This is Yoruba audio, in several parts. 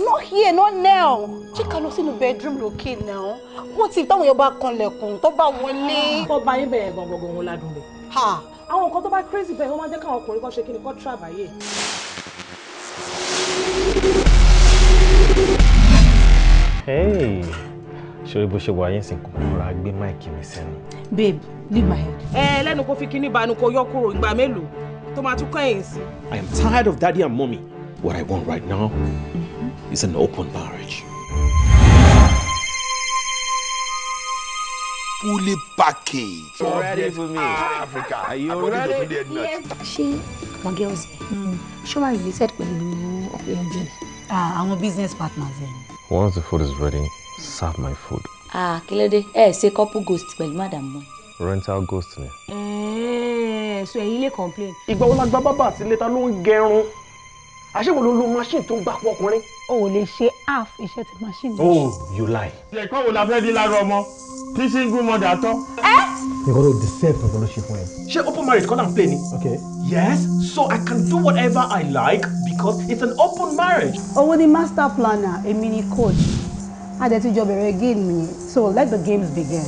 not here not now chika lọ sínú bedroom lókè náà wọ́n ti táwọn èèyàn bá kanlẹ̀kùn tó bá wọlé. ọba yín bẹ̀rẹ̀ gbọ̀ngbọ̀ngbọ̀n wọn ládùn rẹ̀. àwọn nǹkan tó bá crazy bẹ́ẹ̀ wọ́n máa jẹ́ káwọn ọkùnrin kan ṣe kí ni kó travayé. Hey, should we ṣe wà yín sì kò rọra gbé máìkì mi Sen. Babe, leave my head. Eh, Ẹ lẹ́nu kó fi kíní banu kó yọ kúrò ìgbà mélòó tó máa tún kẹ́yìn sí. I am tired of daddy and mommy. What I want right now is an open marriage. Fully packaged. You ready for me? Africa. Are you ready? Yes. She, my girls Show hmm, ẹ̀ ṣé wàá related pẹ̀lú ọ̀pẹ̀ ẹ̀jẹ̀? Ah, àwọn business partners ẹ̀. Once the food is ready, serve my food. Ah, Kílódé Eh, say couple ghost pẹ̀lú madam mọ́. Rental ghost ni. Ẹ̀ẹ́d eh, so he lè complain. Ìgbà wo la gba bábà sílé ta ló ń àṣewò ló lo machine tó ń gbapò ọkùnrin. o ò lè ṣe half iṣẹ́ tí machine oh you lie. ẹ̀kọ́ wo la fẹ́ di lára ọmọ tí single mother tọ́. ẹ. nǹkan tó deserve nǹkan ló ṣe fún ẹ. ṣé open marriage kọ́ náà ń pè okay. yes so i can do whatever i like because it's an open marriage. owó ni master planner èmi ni coach adẹ́tijọ́ bẹ̀rẹ̀ game nìyẹn so let the games begin.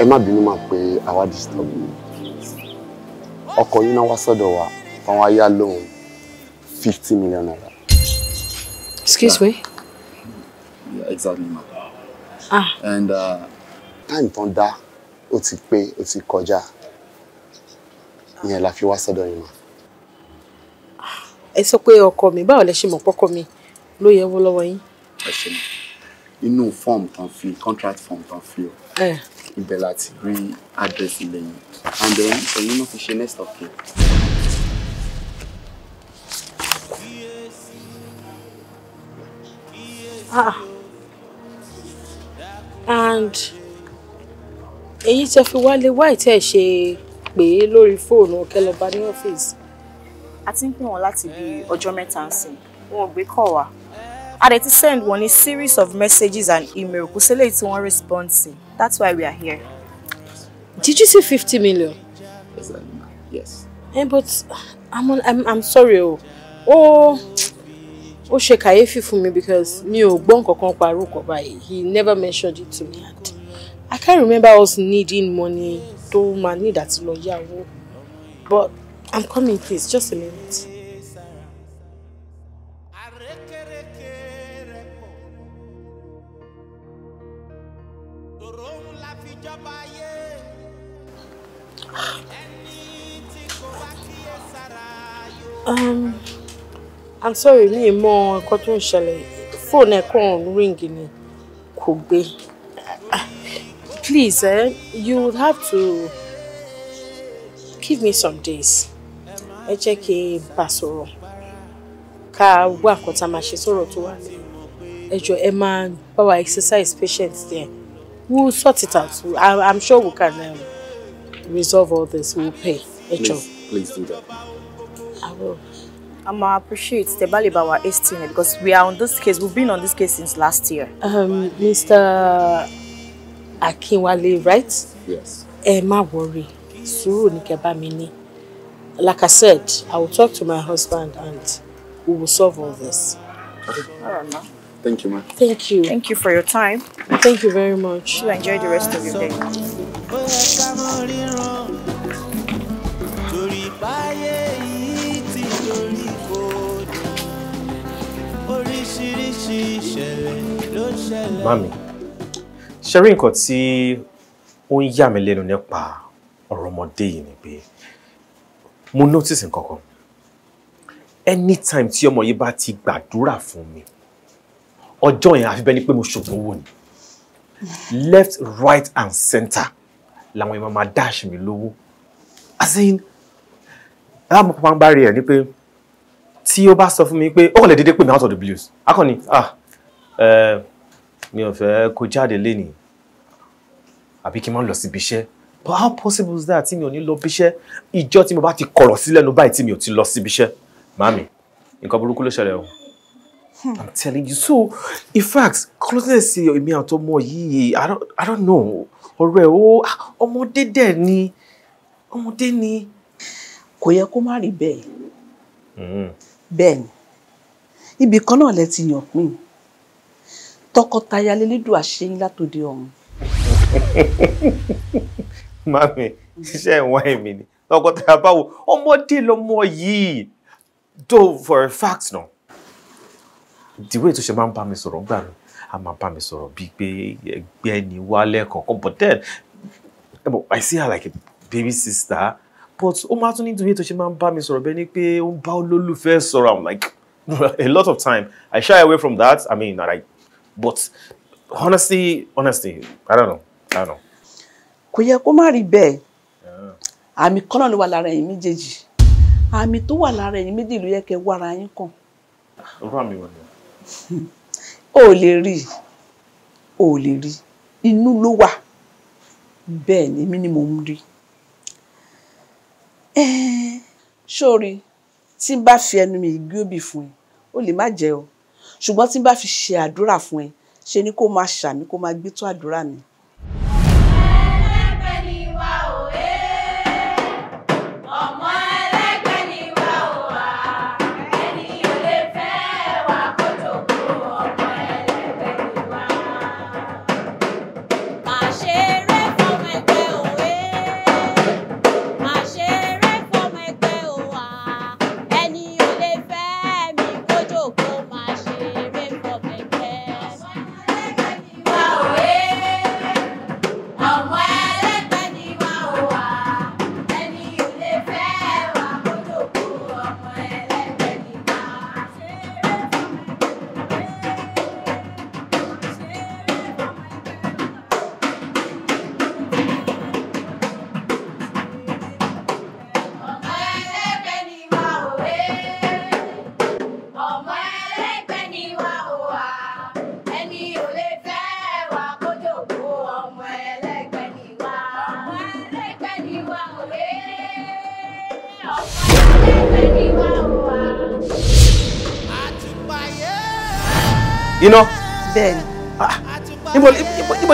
ẹ má bínú máa pé àwa disturb mi ọkọ yín náà wá sọ́dọ̀ wa fáwọn ayá lóhun fifty million naira. excuse me. Yeah, exactly ma. ah and. Uh, time tán dá ó ti pé ó ti kọjá ìyẹn la fi wá sọ́dọ̀ yín ma. ẹ sọ pé ọkọ mi báwo lẹ ṣe mọ̀ pọ́kọ mi ló yẹ wọ́ yín. ẹ ṣe inú fọ́ọ̀mù tán fi contract fọ́ọ̀mù tán fi o ibẹ̀ láti rí address ilẹ̀ and then ẹ̀yin náà fi ṣe next of kin. Ah. and èyí tẹ fi wálé wáì tẹ ṣe pè é lórí fóònù ọkẹlọba ní ọ́fíìsì. a ti ń pè wọn láti bí ọjọ́ mẹ́ta ń sìn wọn ò gbé kọ̀ wá a dẹ̀ ti send wọn ní series of messages and email kò sí eléyìí tí wọ́n respond sí that's why we are here. did you see fifty million. yes. yes. Eh, hey, but i'm on, i'm i'm sorry o o oh. ṣe kàyéfì fún mi because mi ò gbọ́ nǹkankan parúkọ báyìí he never mentioned it to me and i can't remember us needing money tó máa need àti lọ yá but i'm coming please just a minute. Um, I'm sorry, mi mo mọ nǹkan tó ń ṣẹlẹ̀. Fóònù ẹ̀ kàn ni kò gbé. Please, eh, you would have to give me some days. Ẹ jẹ́ kí n bá sọ̀rọ̀. Ká wá nǹkan tá a máa ṣe sọ̀rọ̀ tó wà ní. Ẹ jọ̀ọ́ exercise patience there. We'll sort it out. I'm sure we can um, resolve all this. We'll pay. Please, please do that. I will. I'm appreciate our esteem because we are on this case. We've been on this case since last year. Um, Mr. Akinwale, right? Yes. Emma, má worry. ni Like I said, I will talk to my husband and we will solve all this. All right, ma. Thank you, ma'am. Thank you. Thank you for your time. Thank you very much. You enjoy the rest of your day. Mami, ṣe rí nǹkan tí ó ń yà mí lẹ́nu nípa ọ̀rọ̀ ọmọdé yìí ni pé mo notice nǹkan kan. Anytime tí ọmọ yìí bá ti gbàdúrà fún mi, ọjọ́ yẹn àfi bẹ́ẹ̀ pé mo ṣògo owó ni. Left, right and center làwọn èèyàn máa dáṣì mi lówó. As in, àwọn ọmọ pàpà ń bá rí ẹ̀ ni pé tí ó bá sọ fún mi pé ó kàn lè dédé pè mí out of the blues akọni ah mi ò fẹ́ kó jáde lénìí àbí kí n má lọ síbi iṣẹ́ but how possible is that tí mi ò ní lọ bí iṣẹ́ ìjọ tí mo bá ti kọ̀rọ̀ sí lẹ́nu báyìí tí mi ò ti lọ síbi iṣẹ́ màmí nǹkan burúkú ló ṣẹlẹ̀ o. Hmm. I'm telling you so in fact closeness èmi àti ọmọ yìí I don't, I don't know ọ̀rẹ́ o ah, ọmọdé dẹ̀ ni ọmọdé ni. kò yẹ kó má rí bẹ́ẹ̀. Hmm bẹ́ẹ̀ ni ibì kan náà lẹ ti yàn pín tọkọtaya lélẹ́dùn àṣeyín látòde ọ̀run. mami iṣẹ́ ìwọ̀n èmi ni tọkọtaya báwo ọmọdé lọmọ yìí though for a fact náà the way tó ṣe máa ń bá mi sọ̀rọ̀ gbà mí a máa bá mi sọ̀rọ̀ bíi pé ẹgbẹ́ ni wálẹ̀ kọ̀ọ̀kan but then I see her like a baby sister but ó máa tún nítorí ètò ṣe máa ń bá mi sọ̀rọ̀ bẹ́ẹ̀ ni pé ó ń bá olólùfẹ́ sọ̀rọ̀ i'm like a lot of time i shy away from that i mean i but honestly honestly i don't know i don't know. kò yẹ kó má rí bẹ́ẹ̀ àmì kọ́nà ló wà lára ẹ̀yin méjèèjì àmì tó wà lára ẹ̀yin méjèèjì ló yẹ kẹ́ wára yín kàn. irú àmì wo ni. o ò lè rí o ò lè rí inú ló wà bẹ́ẹ̀ ni èmi ni mò ń rí ṣóorí eh, tí n bá fi ẹnu mi gbé òbí fún ẹ ó lè má jẹ o ṣùgbọ́n tí n bá fi ṣe àdúrà fún ẹ ṣe ni kó máa ṣàmì kó máa gbé tó àdúrà mi iná. bẹ́ẹ̀ni. Ah, níbo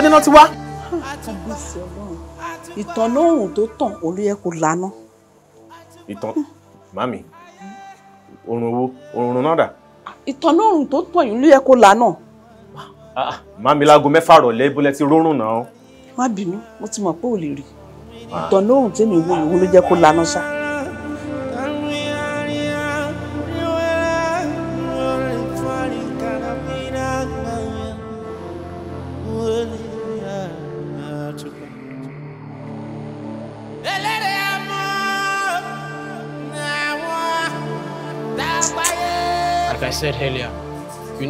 ni iná ti wá. kábíyèsí Ọlọ́run ìtàn lóhùn tó tàn olóyè kò lánà. ìtàn màmí òrùn wo òrùn náà dà. ìtàn lóhùn tó tàn olóyè kò lánà. Ah, màmí láago mẹ́fà rọ̀lẹ́ ibùlẹ̀ ti rórùn náà. má bínú mo ti mọ̀ pé ò lè rí ah. ìtàn lóhùn tèmi wo ìwo ló jẹ́ kó lánà ṣáá.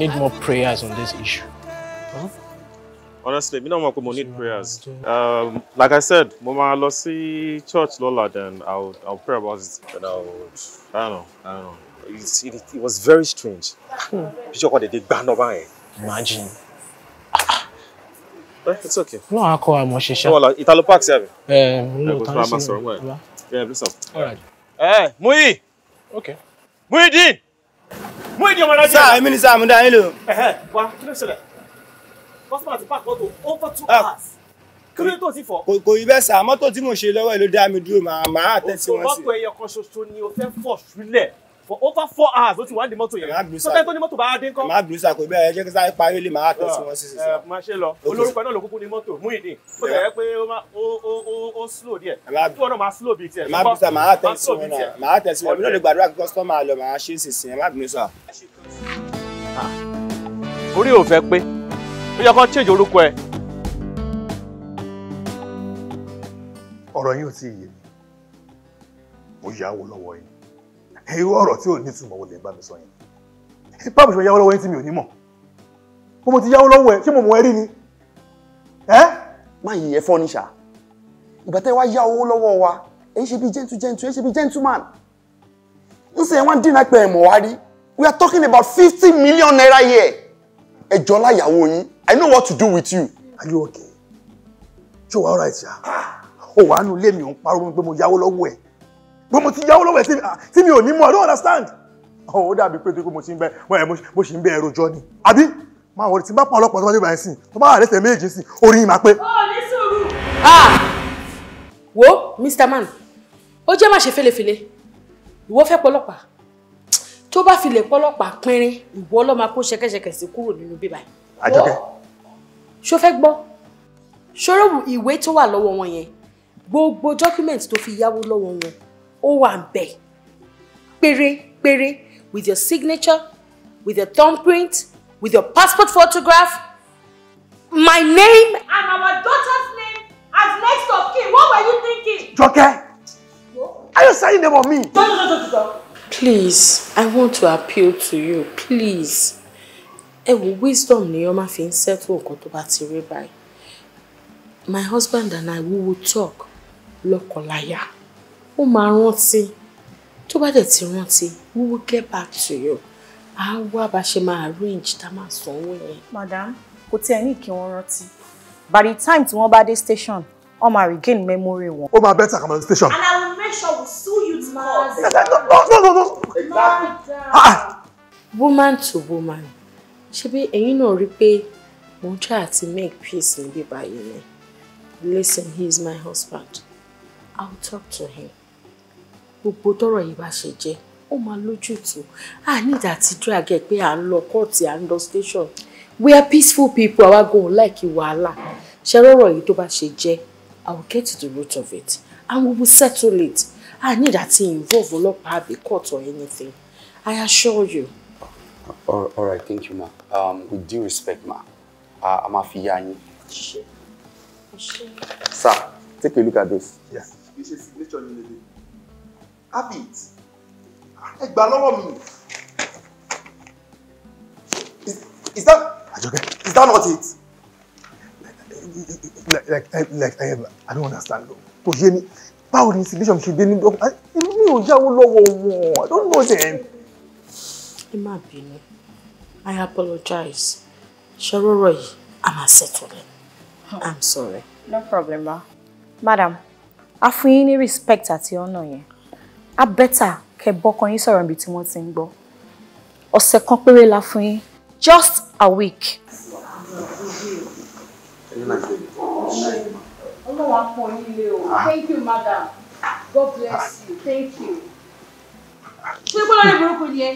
need more prayers on this issue. Huh? Honestly, me no mọ̀ pé need prayers. Uh, um, like I said, mo máa church Lola. then I'll I'll pray about it. But I I don't know, I don't know. It, it, it was very strange. Picture what they did gbà náà báyẹn. Imagine. Eh, it's okay. No, I call him Oshisha. No, like Italo Park, sir. Eh, no, thank you. Yeah, please stop. All right. Eh, Mui. Okay. Mui, Dean mú èdè ọmọ alájẹ. sáà èmi ni sáà mo dá yín lò. wà á kílẹ̀ ṣẹlẹ̀ kọ́sọ́mà ti park mọ́tò over two hours kí ló tó ti fọ́. kò yí bẹ́ẹ̀ sà mọ́tò tí mo ṣe lọ́wọ́ ẹ̀ ló dá mi dúró màá màá tẹ̀sí wọn sí. òṣùwọ̀n mọ́tò ẹyọ kan ṣoṣo ni o fẹ́ fọ̀ sílẹ̀ for over four hours ó ti wà ní mọ́tò yẹn sọtẹ́ tó ní mọ́tò bá dé ńkọ́. máa bínú sàkó ibẹ̀ ẹ jẹ́ kí sáré parí lè máa tẹ̀sí wọn sísè. Ah, eh, máa ṣe lọ olórúkọ náà ló kúkú ní mọ́tò Muyideen ó tẹ̀lé pé ó slow díẹ̀ tí wọn náà máa slow bíi tiẹ̀. máa bí sà máa tẹ̀ sí wọn náà máa tẹ̀ sí wọn mi náà lè gbàdúrà kí kọ́sítọ́mà lọ máa ṣe é sísìn ẹ má bínú sà. Ah. orí ò fẹ́ pé ó yẹ kán change orúkọ ẹ. ọ̀rọ̀ yín ò tí ì yé mi mo yáwó lọ́wọ́ yín irú ọ̀rọ̀ tí ò nítumọ̀ wo lè bá mi sọ yẹn báwo ṣe yáwó lọ́wọ́ yín tí mi ò ní mọ̀ mo mo ti yáwó lọ́wọ́ ẹ ṣé mo mọ̀ ẹ rí ni. má yìí ẹ fọ́ ní ìgbà tẹ́ wá yá owó lọ́wọ́ wa ẹ̀ ń ṣe bí gentle gentle ẹ̀ ń ṣe bí man. ń sìn wọ́n dín náà pẹ̀ ẹ̀mọ̀ wá rí we are talking about fifty million naira here ẹ jọ láyàwó yín i know what to do with you. are you okay? ṣé wàá ọ̀rọ̀ ẹ̀ ṣá o wàá nu ilé mi ò ń parọ́ pé mo yáwó lọ́wọ́ ẹ̀ pé mo ti yáwó lọ́wọ́ ẹ̀ ah, tí mi ò ní mọ̀ i don't understand. Oh, ó dàbí pé mo ti ń bẹ mo ṣì ń bẹ ẹrọ jọ ni àbí máa wọlé tí n bá pa ọlọ́pàá tó bá dé báyìí sìn tó bá àrẹ́sẹ̀ méjì sìn orí yìí máa pé. ó oh, ní sùúrù. Ah! wo mr man ó jẹ́ má ṣe fẹ́lẹ́fẹ́lẹ́ ìwọ fẹ́ pọlọ́pàá tó bá fi lè pọlọ́pàá pinrin ìwọ ló máa kó ṣẹkẹṣẹkẹ sí kúrò nínú bíbá yìí. àjọkẹ́. ṣó fẹ́ gbọ́ ṣòro ìwé tó wà lọ́wọ́ wọn yẹn gbogbo document tó fi yáwó lọ́wọ́ wọn ó wà ń bẹ̀ pérépéré with your signature with your thumbprint with your passport photograph my name and our daughter's name as next of kin what were you thinking. Joke. are you saying name of me. please i want to appeal to you please ẹ wo wisdom ni ọmọ fi ń settle nǹkan tó bá my husband and i we will talk Lokolaya, ó máa rántí tó bá we will get back to you I will arrange tá a máa madam kò tí ẹ ní by the time tí wọ́n bá dé station wọ́n máa regain memory wọn. ó máa better come on station. and i will make sure we sue you tomorrow. court. no no no no. Ah, ah. woman to woman ṣebí ẹ̀yin náà rí pé mo ń try to make peace níbí báyìí ni listen he is my husband i will talk to him gbogbo tọ́rọ̀ yìí bá ṣe jẹ́ ó máa lójútùú i need àti drag ẹ pé à ń lọ kóòtù à ń lọ station we are peaceful people àwa gan ò láìkí wàhálà ṣe rọrọ yìí tó bá i will get to the root of it and we will settle it i need àti involve ọlọ́pàá àbí court or anything i assure you. all, all right thank you ma um, with due respect ma uh, a fiyani. sir take a look at this. yes This is signature yín lele habit ẹ gbà lọ́wọ́ mi is that. Àjọkẹ́, is that not it? Like, like, like, I don't understand. Kò yé mi. Báwo ni installation ṣe dé ní dọ́kọ̀? I don't know them. Ẹ má bínú. I apologize. Ṣọ́rọ́rọ̀ yìí, a máa settle it. I'm sorry. No problem, ma. Madam, a fún yín respect at your yẹn. I better kẹ́ bọ́kàn yín sọ̀rọ̀ níbi tí wọ́n ti ń gbọ́. Ọ̀sẹ̀ kan péré la fún just a week. Ah. Thank you, madam. God bless you. Thank you. Ṣé bọ́lá ní burúkú ni ẹ?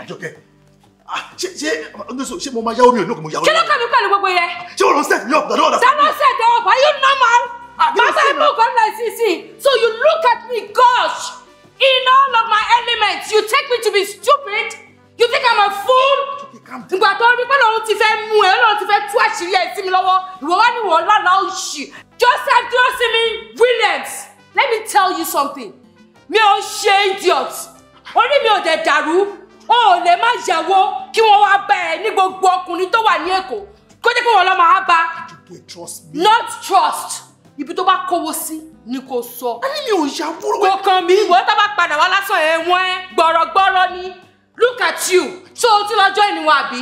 Àjọkẹ́, ah, ṣé ṣé ọdún ṣé mo máa yáwó mi ò ní òkú mo yáwó mi? Kí ló kàn mí pẹ̀lú gbogbo yẹn? Ṣé o lọ set me up? Dàdó ọ̀dà. Ṣé o lọ set up? Are you normal? Ah, Bàbá ẹ̀ mú kan láì sísì. So you look at me, gosh! In all of my elements, you take me to be stupid? You think I'm a fool? ìgbà tó rí pé lòun ti fẹ́ mú ẹ lòun ti fẹ́ tú àṣírí ẹ sí mi lọ́wọ́ ìwọ wá ní ìwọ lọ́la oṣù Joseph Durosimi Williams let me tell you something mi ò ṣe idiot orí mi ò dẹ̀ dàrú o ò lè má yàwó kí wọ́n wá bá ẹ ní gbogbo ọkùnrin tó wà ní Èkó kó jẹ́ pé wọ́n lọ́ máa bá not trust ibi tó bá kówó sí ni kò sọ. a ní mi ò yàwó rẹ. kò kàn mí ìwọ tó bá padà wá lásán ẹ̀ wọ́n ẹ gbọ̀rọ̀gbọ̀rọ̀ ni look at you so o ti lọ join ni wọn àbí.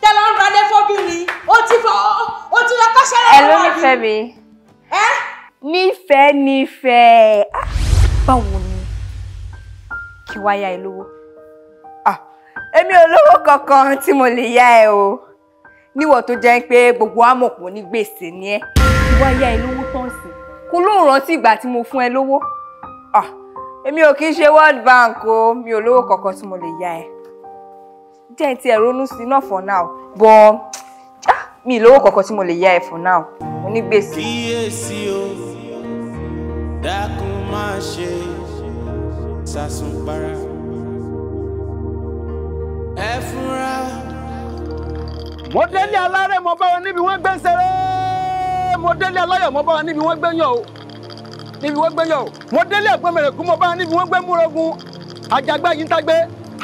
tẹ́lọ̀ ń ralé fọ́bìnrin o ti fọ́ o ti lọ kọ́ṣẹ́ lọ́wọ́ àbí. ẹ ló nífẹ̀ẹ́ mi. ẹ. nífẹ̀ẹ́ nífẹ̀ẹ́ ah, báwo ni kí wá yá ẹ lówó. Ah, èmi ò lówó kankan tí mo lè yá ẹ o níwọ̀ tó jẹ́ pé gbogbo amọ̀pọ̀ ní gbèsè ni ẹ kí wá yá ẹ lówó tán sí kó lóun rántí ìgbà tí mo fún ẹ lówó ah, èmi ò kí ń ṣe world bank o mi ò lówó kankan tí mo lè yá ẹ jẹ́ ti ẹ̀ sí náà for now but mi lówó kankan tí mo lè yá ẹ for now mo ní gbèsè. kíyèsí o dákun má ṣe sásùn para ẹ fúnra. mo délé alárẹ̀ mo bá wọn níbi wọ́n gbẹ́sẹ̀ rẹ́ mo délé aláyọ̀ mo bá wọn níbi wọ́n gbẹ́yàn o níbi wọ́n gbẹ́yàn o mo délé ẹ̀gbọ́n mẹ̀rẹ̀kú mo bá wọn níbi wọ́n gbẹ́ múrogun àjàgbá yìí ń tagbé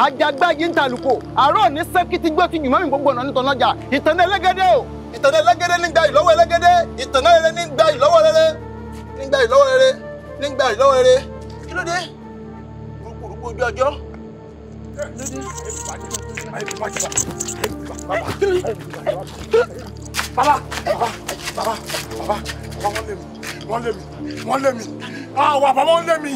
àjàgbá yìí ń ta àlùkò àárọ̀ ní sẹ́kìtì gbé tí yùmọ́ mi gbogbo ọ̀nà nítorí ọjà ìtànà ẹlẹ́gẹ́dẹ́ o. ìtànà ẹlẹ́gẹ́dẹ́ nígbà ìlọ́wọ́ ẹlẹ́gẹ́dẹ́ ìtànà ẹlẹ́ nígbà ìlọ́wọ́ rere nígbà ìlọ́wọ́ rere nígbà ìlọ́wọ́ rere kí ló dé kúrúkúrúkú ojú ọjọ́. bàbá bàbá bàbá bàbá wọ́n lé mi wọ́n lé mi wọ́n lé mi. Ah, àwọn àbámọ́ ń lé mi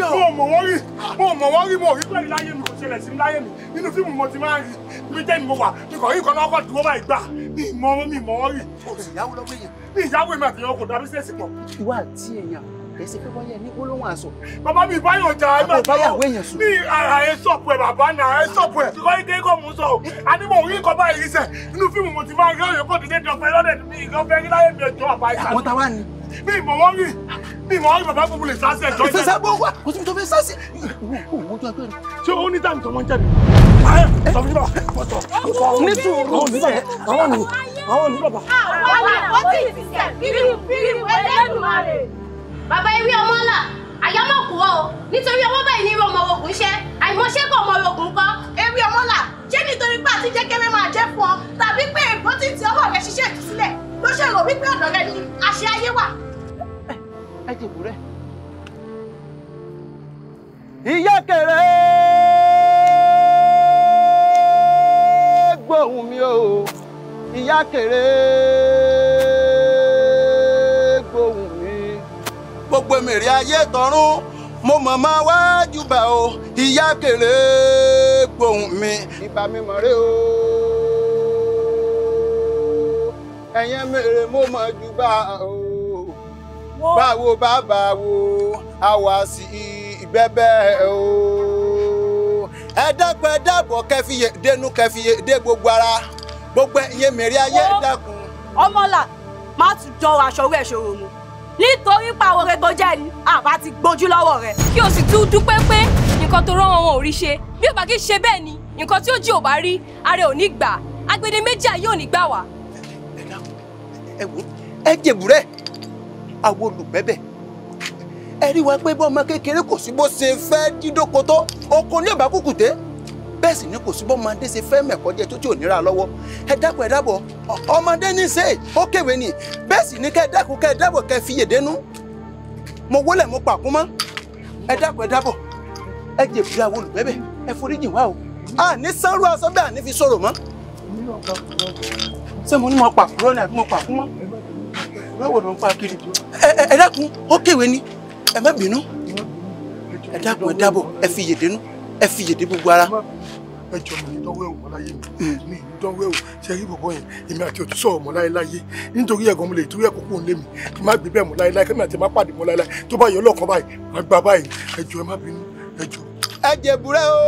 mo mọ̀ wọ́n rí mo mọ̀ wọ́n rí mo rí pẹ̀lú láyé mi kò ṣẹlẹ̀ sí láyé mi nínú fíìmù mo ti máa ń rí mi jẹ́ mi mo wà mi kò rí ìkànnì ọkọ̀ dúró báyìí gbà mi mọ̀ mi mọ̀ wọ́n rí. o sì yáwó lọ́wọ́ èèyàn. mi ìyáwó èmi àti ìyàwó kò dábí sẹ́sì pọ̀. ìwà àti èèyàn kẹsí pé wọ́n yẹ ní gbólóhùn àṣọ. bàbá mi báyọ̀ jà ẹ máa báyọ̀ ní ara ẹ sọ̀pù ẹ bàbá náà ẹ sọ̀pù ẹ. kíkọ́ ike kò mú sọ o a ní mò ń rí nǹkan báyìí rí sẹ̀ inú fíìmù mo ti máa ń rí ọ̀yọ́ kò dédé dọ̀fẹ́ lọ́dẹ̀ mi ìgbọ́fẹ́ rí láyé mi ẹ̀jọ́ àbáyé. àwọn táwa ni mi ìmọ̀ wọ́n rí mi ìmọ̀ wọ́n rí bàbá gbogbo lè sá sí ẹ̀jọ́ ìjà. ìfẹsẹ̀ gbọ́ wá kò síbi tó fẹ́ sá sí. owó tó ẹgbẹ́ rẹ. ṣé o ní táàmù tó mọ́ ń jẹ̀bi. sọ fún mi bàbá pọ̀tọ̀ ní sùúrù àwọn ní bàbá àwọn ní àwọn ní bàbá. àwọn àwọn ó ti ṣiṣẹ́ bíbí bíbí ẹlẹ́dùnmarè bàbá ewé ọmọlá àyà má kú ọ nítorí ọwọ́ báyìí ní ọmọ ogun ṣẹ́ àìmọṣẹ́ kọ́ ọmọ ogun kọ́ eré ọmọ là ṣé nítorí pé àti jẹ́kẹ́rẹ́ máa jẹ́ fún ọ tàbí pé ègbó ti ti ọwọ́ rẹ ṣiṣẹ́ ìtúsílẹ̀ ló ṣe rò wípé ọ̀dọ̀ rẹ ni àṣẹ ayé wà. ẹ ti wù ìyá kẹrẹ gbóhùn mi o ìyá kẹrẹ. gbogbo mèrè ayé tọ̀run mo mọ̀ máa wá júbà o ìyá kéré gbohùn mi. ìbà mi mọ̀ rẹ́ o ẹ̀yẹn mèrè mo mọ̀ júbà o báwo bàbá wo àwa sí ìbẹ́bẹ́ o ẹ dákun ẹ dábọ̀ kẹfìyè dénú kẹfìyè dé gbogbo ara gbogbo ẹ̀yẹ mèrè ayé dákun. ọmọlà má tún jọ aṣọ orí ẹ̀ ṣòro mu nítorí pa àwọn rẹ tó jẹ́ ni àbá ti gbójú lọ́wọ́ rẹ. kí o sì tún dúpẹ́ pé nǹkan tó rán wọn ò rí ṣe bí ò kí ṣe bẹ́ẹ̀ ni nǹkan tí ojú ò bá rí ara ò ní gbà agbede méjì ayé ò ní gbà wá. ẹ wo ẹ jèbúrẹ́ àwọn olùgbẹ́bẹ̀ ẹ rí wa pé bọ́ ọmọ kékeré kò sí bó ṣe fẹ́ dídókòtó oko ní ìbákùkùté bẹ́ẹ̀ sì ni kò sí bọ́mọdé ṣe fẹ́ mẹ̀kọ́ jẹ tó tí ò níra lọ́wọ́ ẹ dákun ẹ dábọ̀ ọmọdé ní ṣe ó kéwé ni bẹ́ẹ̀ sì ni kẹ́ ẹ dákun kẹ́ ẹ dábọ̀ kẹ́ ẹ fi yèdè nú mo wólẹ̀ mo pàkún mọ́ ẹ dákun ẹ dábọ̀ ẹ jèbi àwọn olùbẹ́bẹ̀ ẹ foríjì wá o àní sanru aṣọ bẹ́ẹ̀ àní fi sọ̀rọ̀ mọ́ ṣé mo ní mo pàkúrọ́ ni àbí mo pàkún mọ́ báwo ló ń pa kiri ẹ dákun ó kéwé ni ẹ má bínú ẹ dákun ẹ dábọ̀ ẹ fi yèdè ẹ fi yèdè gbogbo ara. ẹ jọ mi ìdánwò ẹ̀wò ọláyé mi ìdánwò ẹ̀wò ṣe rí bọ̀bọ̀ yẹn èmi àti òtún sọ̀rọ̀ mọ́ láéláyé nítorí ẹ̀gàn mo lè torí kúrò lémi kí n má gbé bẹ́ẹ̀ mọ́ láéláyé kí n má pàdé mọ́ láéláyé tó bá yọ ọlọ́kan báyìí má gbà báyìí ẹ jọ ẹ má bínú ẹ jọ. ẹ jẹ búrẹ́ o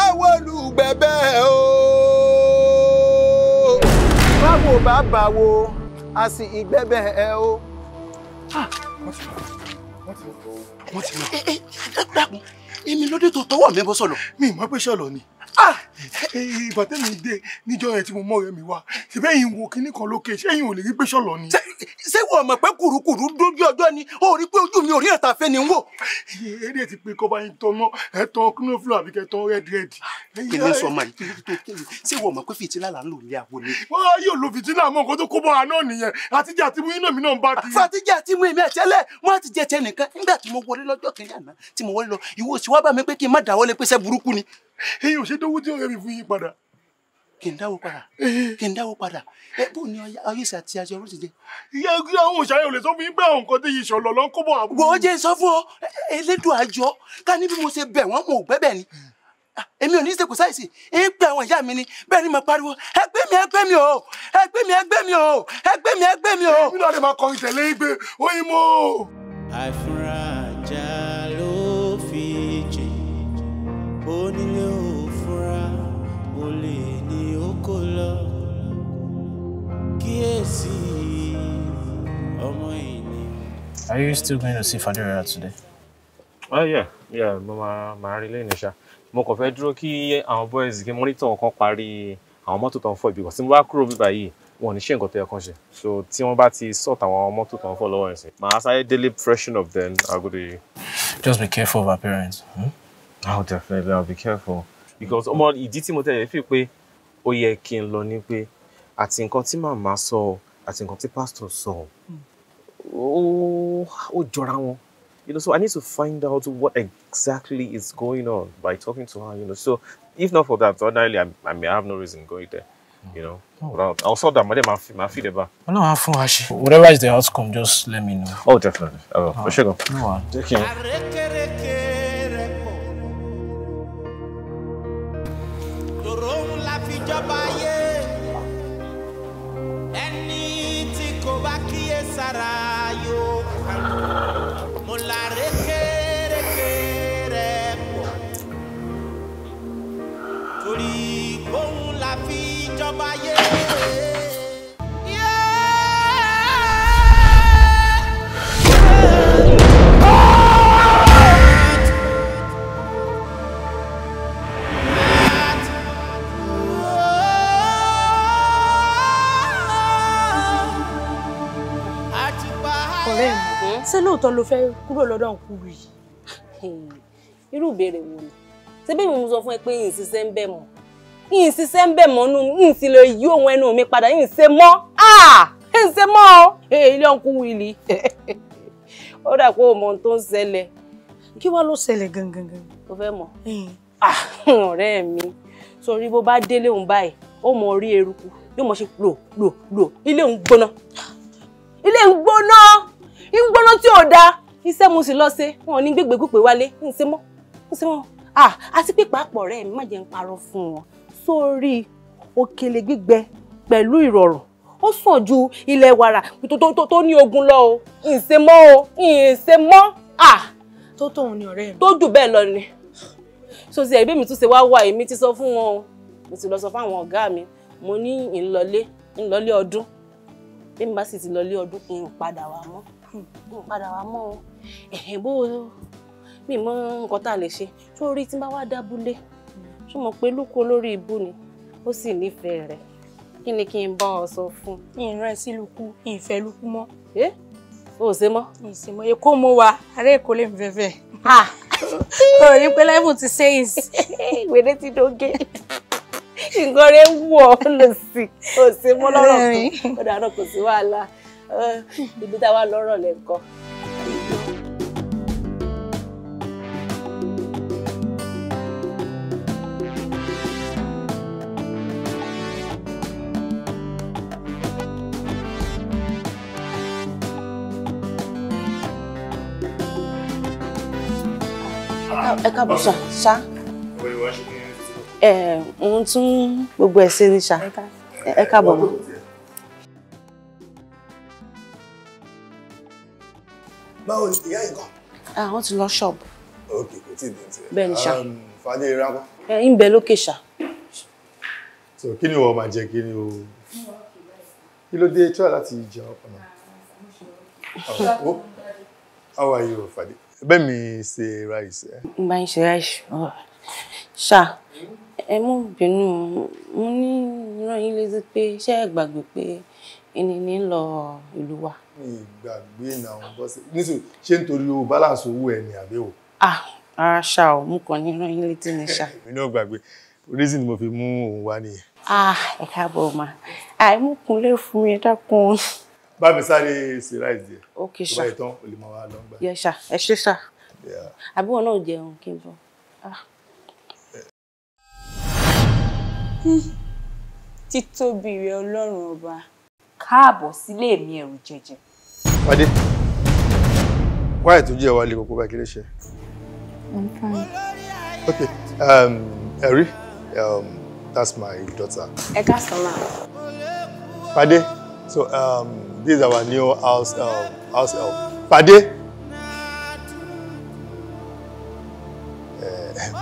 àwọn olùgbẹ̀bẹ̀ o báwo bá wo a sì ìgbẹ́bẹ̀ ẹ o wọ́n ti lọ. ẹ ẹ dákun èmi lóde tó tọwọ́ mi bọ́ sọ̀lọ̀. mi ì mọ̀ pé sọ̀lọ̀ ni. Ah! ìgbà tẹ́mi dé níjọ́ yẹn tí mo mọ̀ rẹ̀ mi wá ṣebí ẹ̀yin wo kinní kan lókè ṣé ẹ̀yin ò lè rí pé ṣọ̀lọ̀ ni. ṣé wọ́n mọ̀ pé kùrukùru dójú ọjọ́ ni ó rí pé ojú mi ò rí ẹ̀ta fẹ́ ni n wò. eré ti pé kọ́ba yín tọ́nà ẹ̀ tán kúnlọ́fúlù àbí kẹ́ tán rẹ́ẹ̀dì rẹ́ẹ̀dì. kí ni sọ máa yìí tó kéwì ṣé wọ́n mọ̀ pé fìtílà là ń lò ní àwo ni. wọ́n yóò lo fìtílà mọ́ nǹkan tó kó bọ́ àná nìyẹn àtijọ́ àti mú iná mi náà ń bá kiri. fatijọ́ àti mú èmi àtẹ́lẹ̀ wọ́n ti jẹ́ tẹnìkan nígbà tí mo wọlé lọ́jọ́ kìnìún àná tí mo wọlé lọ ìwọ òsì wá bá mi pé kí n má dáwọ́lé pé ṣẹ́ burúkú ni èyí ò ṣe dówó tí ọ̀rẹ́ mi fún yín padà. kì í dáwó padà eh. kì í dáwó padà ẹ bó ni ọyẹsì àti aṣọ ọlọsì jẹ. ìyá ẹgbẹ́ àwọn òṣàyẹ̀ lè sọ fún yín pé àwọn nǹkan tó yìí ṣọ̀lọ̀ lọ ń kó bọ̀ àbúrò. wọ́n jẹ́ sọ fún ọ elédùn àjọ ká ní mo ṣe bẹ̀ wọ́n mo gbẹ́ ni hmm. èmi ò ní ṣe kò sáìsì ń pe àwọn ìyá mi ni bẹ́ẹ̀ ni mo pariwo ẹ kíyèsí ọmọ ènìyàn. Are you still going to see Fadera today? Oh yeah, yeah, mo máa máa rí lẹ́yìn ṣá. Mo kàn fẹ́ dúró kí àwọn boys kí mọ́nítọ̀ kan parí àwọn mọ́tò tó ń fọ́ ìbíkọ̀ tí mo bá kúrò bíbá yìí wọn ò ní ṣe nǹkan tó yẹ kán ṣe. So tí wọ́n bá ti sort àwọn mọ́tò tó ń fọ́ lọ́wọ́ ẹ̀sìn. Màá sáré délé freshen up then I go dey. Just be careful of our parents. Hmm? Oh definitely I'll be careful. Because ọmọ ìdí tí mo tẹ̀lé fi pé ó yẹ kí n lọ ní pé àti nǹkan tí màmá sọ àti nǹkan tí pásítọ̀ sọ hmm. ó jọra wọn. You know, so I need to find out what exactly is going on by talking to her. You know, so if not for that, ordinarily I, I may have no reason going there. You know, oh. I'll sort that. Madam, I feel about. No, I'm from Whatever is the outcome, just let me know. Oh, definitely. I will. Sure. No, one. ọ̀tọ̀ ló fẹ́ kúrò lọ́dọ̀ nkúrú yìí. irú ìbéèrè wo ni ṣebí mi mo sọ fún ẹ pé yìí ṣiṣẹ́ ń bẹ̀ mọ́ yìí ṣiṣẹ́ ń bẹ̀ mọ́ nù yìí sì lè yí òun ẹnu mi padà yìí ṣe mọ́ yìí ṣe mọ́ ọ ilé ọkùn wìlì ó dà pé o mọ ohun tó ń ṣẹlẹ̀. kí wàá ló ṣẹlẹ̀ gangan. o fẹ́ mọ̀ ọ̀rẹ́ mi sórí bó bá délé òun báyìí ó mọ orí eruku yóò mọ ṣe lò lò lò ilé òun gbóná ilé òun gbóná ń gbóná tí ò dáa iṣẹ́ mo sì lọ ṣe wọn ò ní gbégbé gbùpé wálé ń ṣe mọ́ ń ṣe mọ́ Ah, àti pé pàápọ̀ rẹ̀ mi má jẹ́ ń parọ́ fún wọn sórí òkèlè gbígbẹ pẹ̀lú ìrọ̀rùn ó sàn ju ilẹ̀ wàrà tó ní ogun lọ o ń ṣe mọ́ o ń ṣe mọ́ à. tó tóun ni ọ̀rẹ́ mi. tó jù bẹ́ẹ̀ lọ ni sọsẹ ẹbí mi tún ṣe wá wá èmi ti sọ fún wọn o mo ti lọ sọ fáwọn ọ̀gá mi mo ní ìlọlé ìlọlé ọdún bí mi bá sì ti lọlé ọdún kí n padà wá mọ́ n hmm, padà wá mọ́ o ẹ̀hìn bó mi mọ nǹkan tá a lè ṣe tó rí tí bá wá dábúlé tó mọ̀ pé lóko lórí ibú ni ó sì nífẹ̀ẹ́ rẹ̀ kí ni kí n bá ọ sọ fún. ìran sí lukú ìfẹ́ lukú mọ́. ẹ o ṣe mọ́. ìṣe mọ́ èkó mo wà ará èkó lè mi fẹ́fẹ́. o rí pé level ti sẹ́yìn sí. ìwédé ti dóge nǹkan rẹ̀ wọ̀ ọ́ lọ sí o ṣe mọ́ lọ́rọ̀ tó o dáná kò sí wàhálà ibi tá a wá lọ́rọ̀ lẹ́ǹkan. ẹ káàbọ̀ sà sà ẹ ń tún gbogbo ẹ ṣe ní sà ẹ káàbọ̀ mọ́. báwo ni ìyá yìí kàn. àwọn ti lọ ṣọ́ọ̀bù. ok kò tí ì dé tiẹ̀. bẹ́ẹ̀ ni ṣá. fàdé ránkọ́. ẹ ń bẹ lókè ṣá. so kí ni ìwọ máa jẹ kí ni o kí ló dé tíra láti jẹun ọ̀nà. how are you fàdé. bẹ́ẹ̀ mi ṣe ráìsì. n eh? bá ń ṣe ráìsì ṣá ẹ mú bínú mo ní ràn yín létí pé ṣé ẹ gbàgbé pé ìní ní lọ ìlú wa. ìgbàgbé ìnáwó bọ́sẹ̀ nítorí ṣé nítorí o balance owó ẹ̀ àbẹ́ o. ah ara ṣá o mú kàn nínú yín létí ní ṣá. èmi náà gbàgbé reason mo fi mú òun wá nìyẹn. ah ẹ káàbọ̀ ma àìmúkunlé fún mi dákun. bá mi sáré ṣe ráì díẹ̀. ok ṣá ìwà ìtàn olè máa wá lọ gbà. yẹ ṣá ẹ ṣe ṣá àbí náà jẹun kí n bọ. títóbi rẹ ọlọ́run ọba káàbọ̀ sílé mi ẹ̀rù jẹjẹ. Wádé, wáyé tó jẹ́ wálé kókó bá kílé ṣe. I'm fine. Okay, um, Eri, um, that's my daughter. Eka Sola. Pade, so um, this is our new house, um, house help. Pade.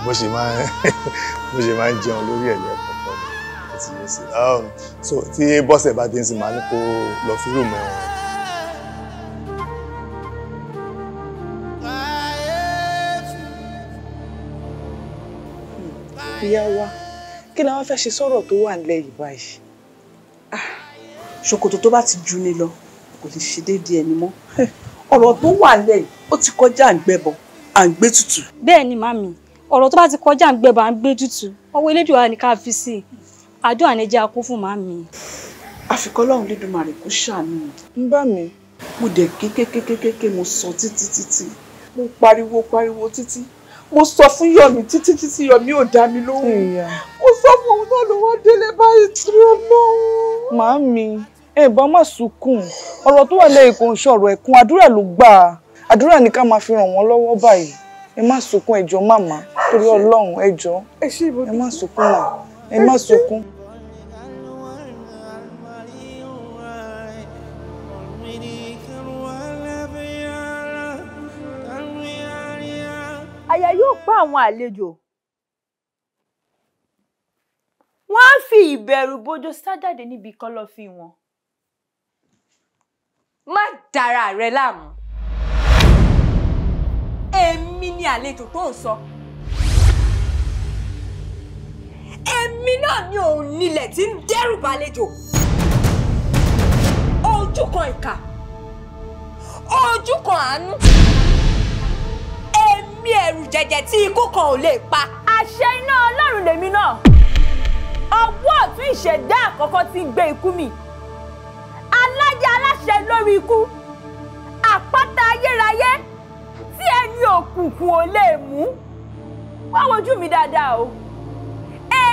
Bó ṣe máa ń jẹun lórí ẹ̀ yes yes um, so tí bọ́sẹ̀ bá dé sí màá ní kó lọ fi rúùmù ẹ̀ ìyá wa kí ni wọ́n fẹ́ ṣe sọ̀rọ̀ tó wà nílẹ̀ yìí báyìí ah, ṣòkòtò tó bá ti ju ni lọ kò lè ṣe déédéé ẹni mọ́ ọ̀rọ̀ tó wà nílẹ̀ yìí ó ti kọjá à ń tutù. bẹ́ẹ̀ màmí ọ̀rọ̀ tó bá ti kọjá à ń tutù ọwọ́ elédùn wa ni ká fi sí i àdúrà ni jẹ́ akú fún màmí. àfikọ́ lọ́hùn dídùn màrí kú ṣàánú. ń bá mi. mo dẹ̀ kékékékékéké mo sọ títí títí mo pariwo pariwo títí mo sọ fún yọmi títí títí yọmi ò dá mi lóhùn mo sọ fún òun náà ló wá délé báyìí tí ó lóhùn. màmí ẹ bá má sunkún ọ̀rọ̀ tó wà lẹ́yìn kò ń ṣọ̀rọ̀ ẹ̀kún àdúrà ló gbà á àdúrà ní ká máa fi ràn wọ́n lọ́wọ́ báyìí ẹ má sunkún ẹjọ́ màmá torí Ọlọ́run ẹjọ́ ẹ má sunkún màmá ẹ má sunkún. àyà yóò pa àwọn àlejò wọ́n á fi ìbẹ̀rù bojo sá jáde níbi kọ̀lọ̀fín wọn. má dára rẹ láàmú èmi ni àlejò tó ń sọ. So. èmi náà ni òun nílẹ̀ tí ń dẹ́rù balẹ̀jò ojú kan ìkà ojú kan àánú èmi ẹ̀rù jẹ̀jẹ̀ tí ikú kan ò lè pa. àṣẹ iná ọlọ́run lèmi náà ọwọ́ ọ̀tún ìṣẹ̀dá àkọ́kọ́ tí ń gbé ikú mi alájà aláṣẹ lórí ikú àpáta ayérayé tí ẹni òkùnkùn ò lè mú wá wojú mi dáadáa o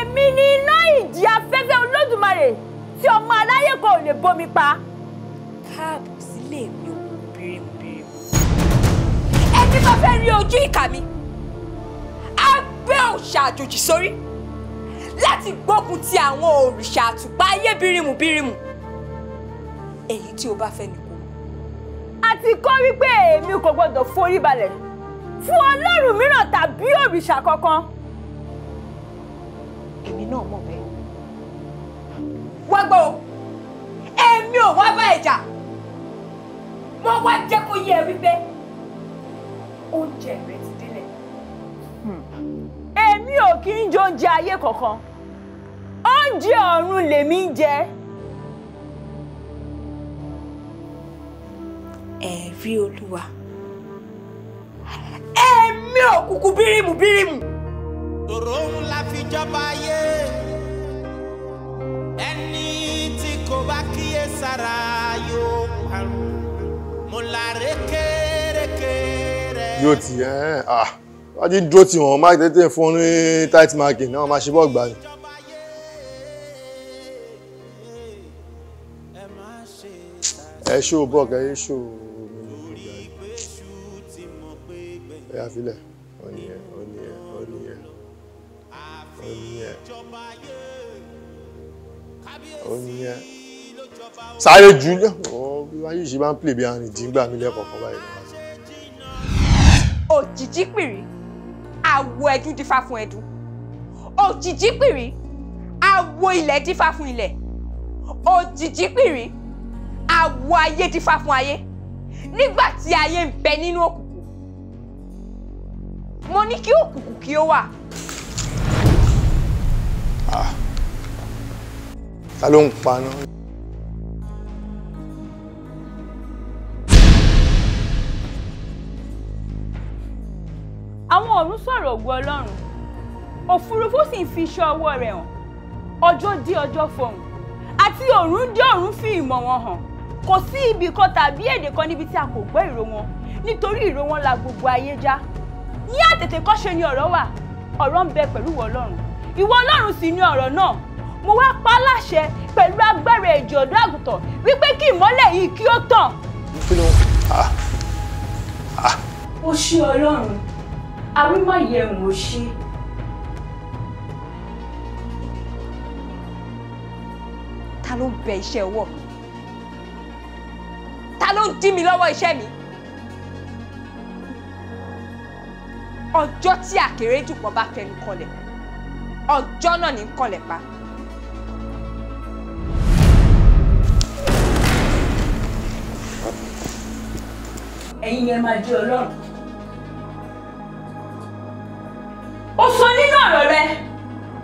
èmi ni iná ìjì afẹ́fẹ́ olódùmarè tí ọmọ aláyé kò lè bomi pa. káàbọ̀ sílé mi ò bèrèbèrè. ẹni tó fẹ́ rí ojú ìkà mi á gbé òòṣà àjòjì sórí láti gbógun ti àwọn òrìṣà àtùpá ayé bírímù bírímù èyí tí o bá fẹ́ ni kò. àti kọ́ wípé èmi kò gbọ́dọ̀ forí balẹ̀ fún ọlọ́run mìíràn tàbí òrìṣà kankan èmi náà mọ̀ bẹ́ẹ̀. wá gbọ́ o èmi ò wá bá ẹ̀jà mo wá jẹ́ kó yẹ wípé oúnjẹ rẹ ti délẹ̀. Hmm. èmi ò kí ń jẹ oúnjẹ ayé kankan oúnjẹ ọ̀run lèmi ń jẹ. ẹ̀rí olúwa. èmi ò bírímù bírímù tòró ńlá fi jọba ayé ẹni tí kò bá kíyè sára yóò parun mo là rékèrékè rẹ. yóò ti ẹ ẹ ah wájú dúró tí wọn máa tètè fún ní tight marking náà máa ṣe bọ́ọ̀ gbà ni. ẹ ṣó bọ́ọ̀kì ẹ ṣó ẹ yà sáré jù bí wáyé ṣe máa ń pè bí arìndínlá mi lẹ́kọ̀ọ́kan báyìí. òjìjí pìrì àwọ̀ ẹ̀dùn dífá fún ẹ̀dùn òjìjí pìrì àwọ̀ ilẹ̀ dífá fún ilẹ̀ òjìjí pìrì àwọ̀ ayé dífá fún ayé nígbà tí ayé ń bẹ nínú òkùnkùn mo ní kí òkùnkùn kí ó wà. Ah ta ló ń paná. àwọn ọ̀run sọ̀rọ̀ ògo ọlọ́run òfurufú sì ń fi iṣẹ́ ọwọ́ rẹ̀ hàn ọjọ́ dí ọjọ́ fọhùn àti ọ̀run dí ọ̀run fi ìmọ̀ wọn hàn kò sí ibì kan tàbí èdè kan níbi tí a kò gbọ́ ìró wọn nítorí ìró wọn la gbogbo ayé já ní àtètèkọ́ṣe ni ọ̀rọ̀ wà ọ̀rọ̀ ń bẹ pẹ̀lú ìwọ ọlọ́run ìwọ ọlọ́run sì ni ọ̀rọ̀ náà mo wá pa á láṣẹ pẹ̀lú agbára ẹ̀jẹ̀ ọ̀dọ́ àgùntàn wípé kí ìmọ́lẹ̀ yìí kí ó tàn. Ah. Ah. ó ṣí ọlọ́run àwímáyẹ̀wò ṣe. ta ló ń bẹ iṣẹ́ ọwọ́ mi ta ló ń dí mi lọ́wọ́ iṣẹ́ mi ọjọ́ tí àkèrè dùpọ̀ bá fẹnu kọlẹ̀ ọjọ́ náà ní kọlẹ̀ pa. ẹ̀yin yẹn máa jẹ́ ọlọ́run. ó sọ nínú ọ̀rọ̀ rẹ̀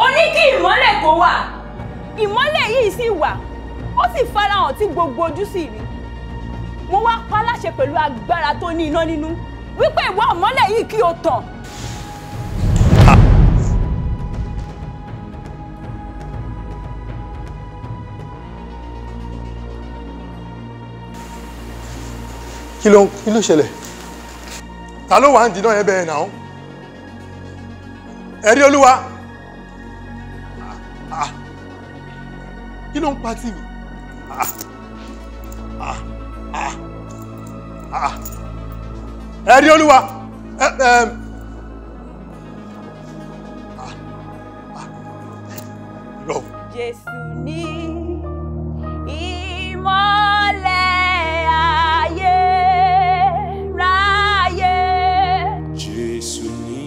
ó ní kí ìmọ́lẹ̀ kó wà. ìmọ́lẹ̀ yìí sì wà ó sì farahàn tí gbogbo ojú sì rí mo wá pa láṣẹ pẹ̀lú agbára tó ní iná nínú wípé ìwọ ìmọ́lẹ̀ yìí kí o tàn. kí ló kí ló ṣẹlẹ̀ ta ló wà ń dínà ẹbẹ̀ ẹ̀ náà ẹ̀rí olúwa ah, ah. kí ló ń pa tv ah, ẹ̀rí olúwa jésù ní ìmọ́lẹ̀. you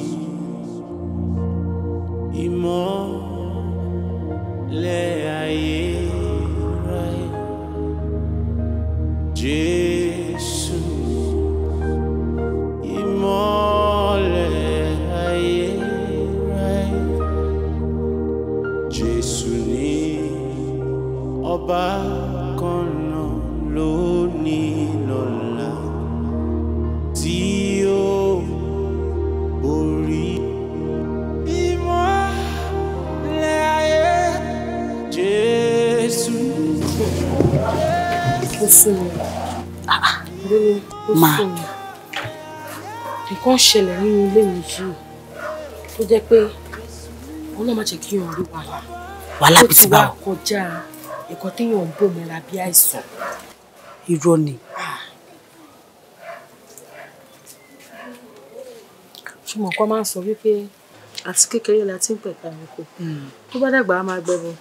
ṣẹlẹ̀ nínú ilé mi yìí tó jẹ́ pé ọlọ́run má jẹ́ kí n rí wàhálà wàhálà bíi ti bá ọ. ó ti wá kọjá ẹ̀kọ́ téèyàn ń bò mọ́ra bí àìsàn. irọ́ ni. ṣùgbọ́n kọ́ máa ń sọ wípé àti kékeré la ti ń pẹ̀ka ẹranko hmm. tó bá dàgbà á máa gbẹbọ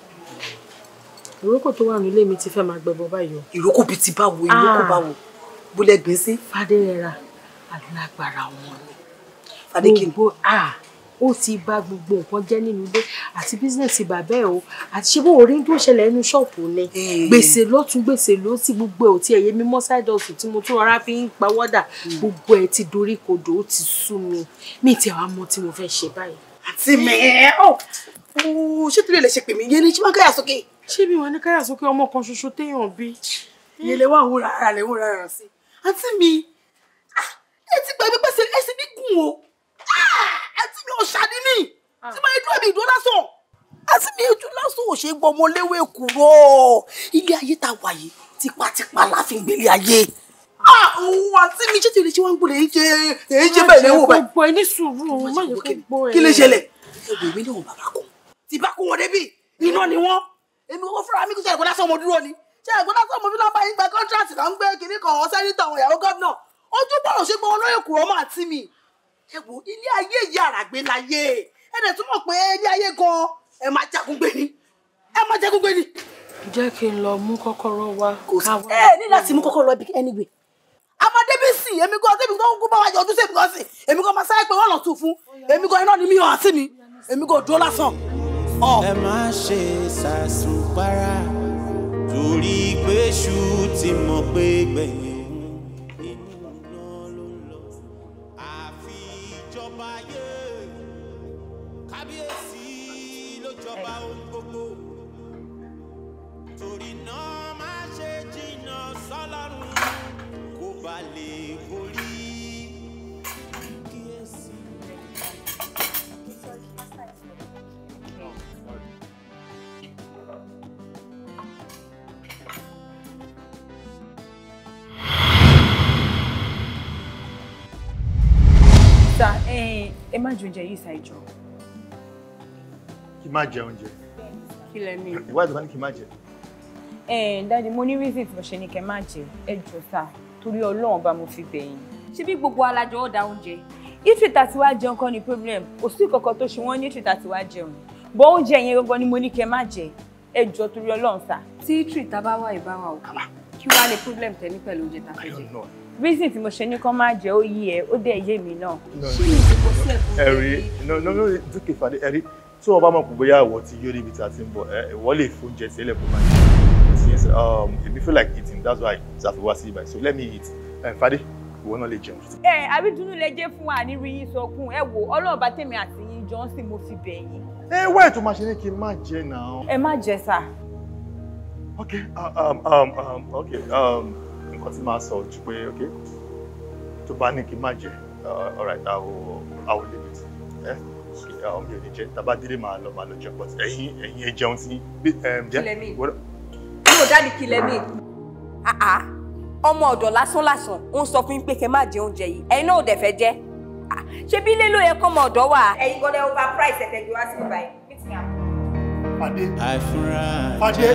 ìrókò tó wà nílé mi ti fẹ́ máa gbẹbọ báyìí o. ìrókò bíi ti báwo ìrókò báwo bólẹ̀ gbé sí. fadérera alágbára wọn ni. Fadékìnì. gbogbo ah ó ti bà gbogbo nǹkan jẹ́ nínú ilé àti bísíǹsì bàbá ẹ̀ o àti ṣé bó orí tó ṣẹlẹ̀ nínú ṣọ́ọ̀pù ni eh. gbèsè lọ́tún gbèsè ló ti gbogbo ẹ̀ ò ti ẹ̀yẹ mímọ́ side hustle tí mo tún rọra fi ń pa wọ́dà hmm. gbogbo ẹ̀ ti dorí kodò ó ti sú mi mi ti àwọn ọmọ tí mo fẹ́ ṣe báyìí. àti mẹ́ẹ̀ ọ́ oh! ṣé torí ẹ̀ lè ṣe pè mí yé ni ṣé wọ́n káyà sókè. ṣé mi wọn ní káyà sókè ọmọ kan ṣoṣo téèyàn bí. yẹlẹ wà wúra ara rẹ wúra rẹ sí àǹtí mi ah, ẹ ti gbàgbé pẹ́sẹ̀ ẹ sì ní gùn ẹtí mi ò ṣàdínì ah. tí mo yẹ dúró mi ìdúró lásán àti mi ojú lásán ò ṣe gbọ́ ọmọ léwé kúrò ilé ayé tá wà yìí tipátipá la fi ń gbélé ayé àwọn ah, àti mi ṣètò ilé tí wọ́n ń gbọ́dọ̀ èyí ṣe èyí ṣe bẹ́ẹ̀ léwò báyìí. gbogbo ẹ ní sùúrù má yẹ kó gbọ́ ẹ. kí ló ṣẹlẹ̀ ẹgbẹ́ mi náà bàbá kan ti bá kó wọn débi iná ni wọ́n èmi kò fúnra mi kò ṣe àgbọ̀dá sọmọ dúró ni ṣe àgbọ̀dá sọmọ bí lọ́ba yín gba kọ́ńtrátì kan gbé kiri kan ọ̀sẹ́ni tàwọn ìyàwó gọ́ọ̀nà ojú bọ̀rọ̀ ṣe gbọ́ wọn lóye kùrọ̀ mọ́ àti mi ẹ wo ilé ayé yìí àràgbé láyé ẹ dẹ̀ túmọ̀ pé ilé ayé gan ẹ máa jagun gbé ni ẹ máa jagun gbé ni. jẹ́ kí n lọ mú kọ́kọ́rọ́ wá. ẹ ní láti mú kọ́kọ́rọ́ bí ẹnìgbè. amade èmi gan débi tó kú bá wa jọ ọdún sí èmi gan sí èmi gan máa sáré pé wọ́n lọ tún fún èmi gan iná ni mi hàn sí mi èmi gan dúró lásán. ẹ má ṣe sàṣùpárà torí pé ṣù ti mọ̀ pé gbẹ̀yìn. ju oúnjẹ yìí sa ìjọ. kí má jẹ oúnjẹ. kí lẹ mi. ìwà ìjọba ní kí má jẹ. ẹ ẹ dáàdi mo ní reason tí mo ṣe ni kẹ má jẹ ẹ jọ sá torí Ọlọ́run bá mo fi bẹ̀yìn. ṣebí gbogbo alájọ ọ̀dà oúnjẹ. ìtìrì tàti wá jẹun kan ni problem kò sí kankan tó ṣe wọ́n ní ìtìrì tàti wá jẹun bọ oúnjẹ yẹn gangan ni mo ní kẹ má jẹ ẹ jọ torí Ọlọ́run sá. tí ìtìrì bá wà ìbá wa ò kí wàá ní problem tẹ ní pẹ̀lú oúnjẹ tá a fẹ́ jẹ reason tí mo ṣe ní kán má jẹ́ ó yí ẹ ó dẹ̀ yé mi náà. ẹ̀rí lórí dúkìá ìfàdé ẹ̀rí tí wọ́n bá mọ̀ pé bóyá àwọ̀ ti yóò níbi tí a ti ń bọ̀ ìwọ lè fún oúnjẹ sílẹ̀ kó máa jẹ since um, if you feel like eating that's why ṣàfi wá sí ibà so let me eat fàdé ìwọ náà lè jẹun. ẹ àbídúnú lè jẹ fún wa nírú yín sọkún ẹ wo Ọlọ́run bá tèmi àti yín jọ ń sìn mo fi bẹ̀ yín. ẹ wá ètò máa ṣe ní kí n má jẹ náà. ẹ má jẹ sà. okay uh, um, um, um, okay. Um, nǹkan tí màá sọ ju pé ok tó bá ní kí n má jẹ uh, alright i will i will leave it eh, mi ò ní jẹ tàbá délé màá lọ màá lọ jẹun but ẹ̀yin ẹ̀yin ẹ jẹun sí bí um, jẹ. kílẹ̀ mi yóò dáàbì kílẹ̀ mi ah, ah. ọmọ ọ̀dọ̀ lásán lásán ń sọ fún yín pé kẹ́ má jẹ oúnjẹ yìí ẹ̀yin náà ò dẹ̀ fẹ́ jẹ ah, ṣé bí lélo yẹ kọ́ ọmọ ọ̀dọ̀ wà. ẹ̀yin gbọ́dọ̀ over price ẹ̀fẹ̀ gbé wá sí ibà yìí. Fadé Fadé.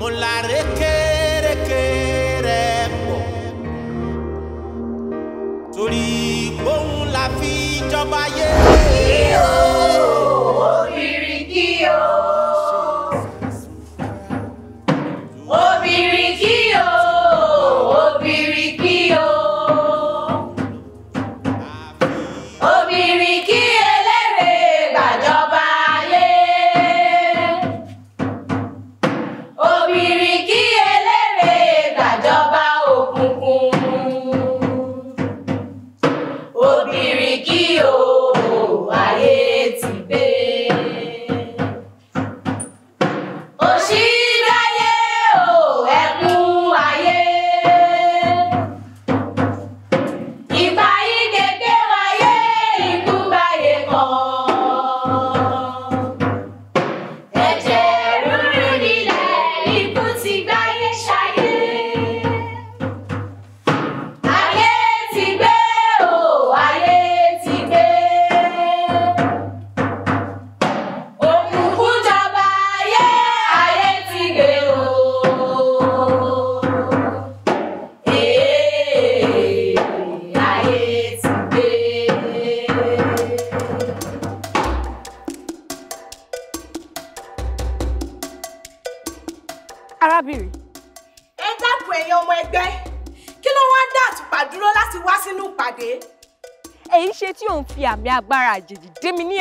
mo la rékèrèkè rẹ pọ̀ torí la fi jọba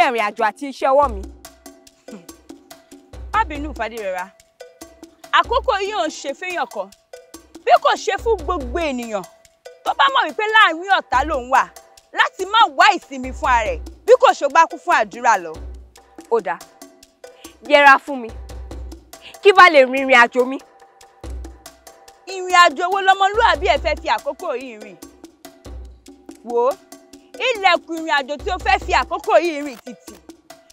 ìrìn àjò àti iṣẹ́ ọwọ́ mi. má bínú Fadérẹra àkókò yóò ṣe fẹ́yàn kan bí kò ṣe fún gbogbo ènìyàn tó bá mọ̀ wípé láàrin ọ̀tá lòun wà láti má wá ìsinmi fún ara ẹ̀ bí kò ṣe bá kú fún àdúrà lọ. ó dáa yẹra fún mi kí bá lè rin ìrìn àjò mi. ìrìn àjò wo lọmọlúàbí ẹ fẹ́ fi àkókò yìí rìn wò ó ilẹ̀kùn ìrìn àjò tí o fẹ́ fi àkókò yìí rìn tìtì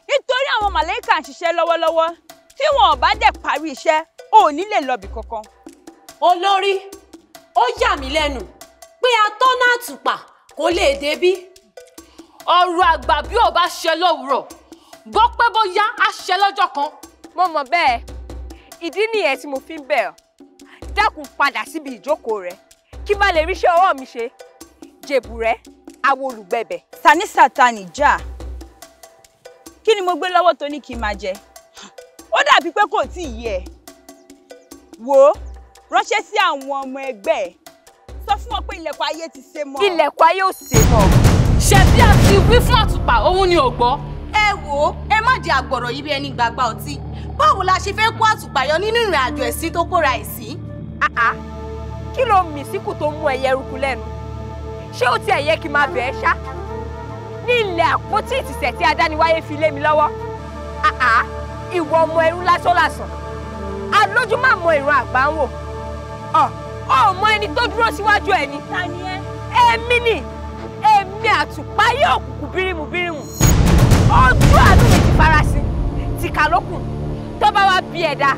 nítorí àwọn màlẹ́kà ń ṣiṣẹ́ lọ́wọ́lọ́wọ́ tí wọn ò bá dẹ̀ parí iṣẹ́ o ò ní lè lọ́bì kankan. olórí ó yà mí lẹ́nu pé atọ́nà àtùpà kò lè débí ọ̀rọ̀ àgbà bí ò bá ṣe lówùúrọ̀ bó pẹ́ bó yá á ṣe lọ́jọ́ kan. mo mọ̀ bẹ́ẹ̀ ìdí nìyẹn tí mo fi ń bẹ̀ ọ́ dákun padà síbi ìjókòó rẹ kí n bá lè ríṣẹ́ ọwọ́ mi ṣe jèbù rẹ awo olùgbẹ̀bẹ̀ sani sátani já kí ni mo gbé lọ́wọ́ tó ní kí n máa jẹ ó dàbí pé kò tí ì yẹ wò ó ránṣẹ́ sí àwọn ọmọ ẹgbẹ́ ẹ̀ sọ fún wọn pé ilẹ̀kùn ayé ti ṣe mọ́. ilẹ̀kùn ayé ò ṣe mọ́. ṣebí àti wí fún àtùpà òun ni ò gbọ́. ẹ wò ó di àgbọ̀rọ̀ yìí bí ẹni gbàgbà ọtí báwo la ṣe fẹ́ kó àtùpà yọ nínú ìrìn àjò ẹ̀sìn tó kóra ẹ̀ sí. Ah, ah. kí ló mì síkù tó mú ẹyẹ eruku lẹ́nu ṣé ó tiẹ̀ yẹ kí n máa bẹ̀ ẹ́ ṣá ní ilẹ̀ àpótí ìtìsẹ̀ tí adániwáyé fi lé mi lọ́wọ́ àá ìwọ ọmọ ẹrú lásán lásán alójú má mọ ìran àgbà ń wò ọ ò mọ ẹni tó dúró síwájú ẹ ni. ta ni ẹ. èmi ni èmi àtùpá yóò kùkù bírímù bírímù ojú àánú mi ti farasin ti kà lókun tó bá wá bí ẹ̀dá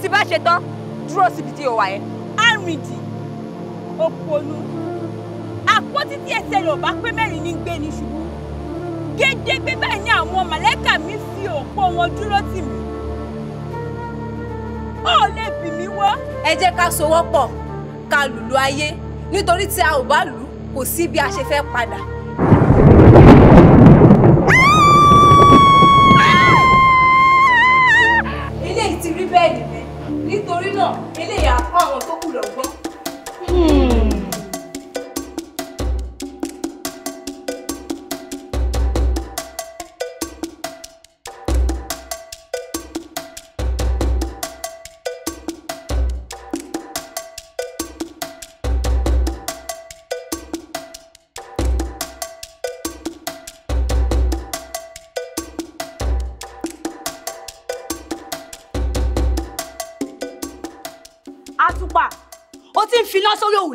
tí bá ṣe tán dúró síbi tí o wà yẹn. àrùn ìdì àpótí tí ẹsẹ̀ rẹ̀ ò bá pé mẹ́rin ní gbé ní ṣubú gédégbé báyìí ni àwọn màlẹ́kà mi fi òpó wọn dúró tì mí ó lè bì mí wọ́. ẹ jẹ́ ká sowọ́pọ̀ ká lùlù ayé nítorí tí a ò bá lù ú kò sí bí a ṣe fẹ́ padà. ilé ìtìrí bẹ́ẹ̀ nìyẹn nítorí náà eléyà kọ́ àwọn tó kù lọ́gbọ́n.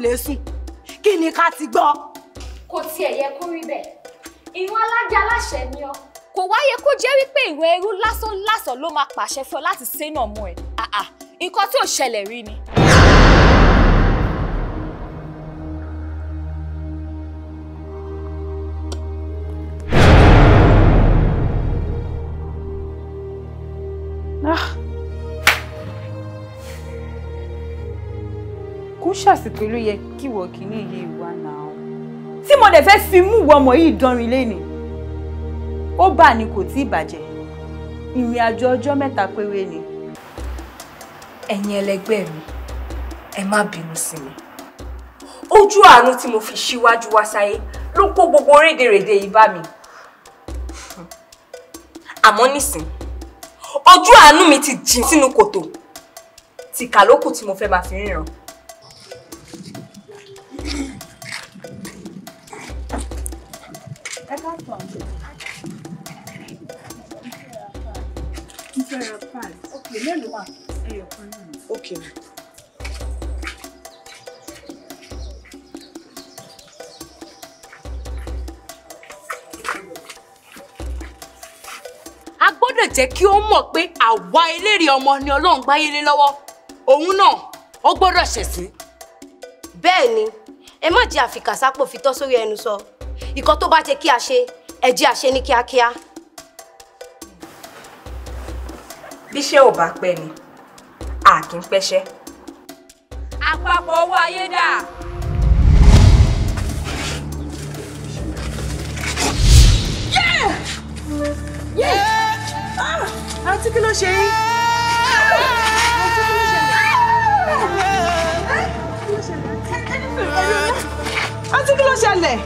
lè sùn kí ni ká ti gbọ́. kò tiẹ̀ yẹ kó rí bẹ́ẹ̀ ìran alájà aláṣẹ ni ọ. kò wáyé kó jẹ́ wípé ìwé ẹrú lásán lásán ló máa pàṣẹ fún ọ láti sénà mọ́ ẹ̀ àà nǹkan tí ò ṣẹlẹ̀ rí ni. Ah. ṣàsìkò ló yẹ kíwọ kìíní yìí wà náà tí mo dẹ̀ fẹ́ fi mú ìwọ ọmọ yìí dánrin léni ó bà ní kò tí ì bàjẹ́ ìrìn àjò ọjọ́ mẹ́ta péré ni. ẹ̀yin ẹlẹgbẹ́ mi ẹ má bínú sí mi ojú àánú tí mo fi ṣíwájú wá sáyé ló kó gbogbo rédèrèdè yìí bá mi àmọ́ nísìn ojú àánú mi ti jìn sínú kòtò tìkà lókù tí mo fẹ́ máa fi ríran. Okay. a gbọ́dọ̀ jẹ́ kí ó mọ̀ pé àwa eléré ọmọ ni Ọlọ́run gbáyé lé lọ́wọ́ òun náà ó gbọ́dọ̀ ṣẹ̀sín. bẹ́ẹ̀ ni ẹ má jẹ́ àfikàsápò fi tọ́ sórí ẹnu sọ. So ìkan tó bá ṣe kí a ṣe ẹ jẹ́ a ṣe ní kíákíá. bíṣẹ́ ò bá pẹ́ ni a kì í pẹ́ṣẹ́. àpapọ̀ owó ayé dà. Ah! àǹtí kí ló ṣe yín. àǹtí kí ló kí ló ṣẹlẹ̀.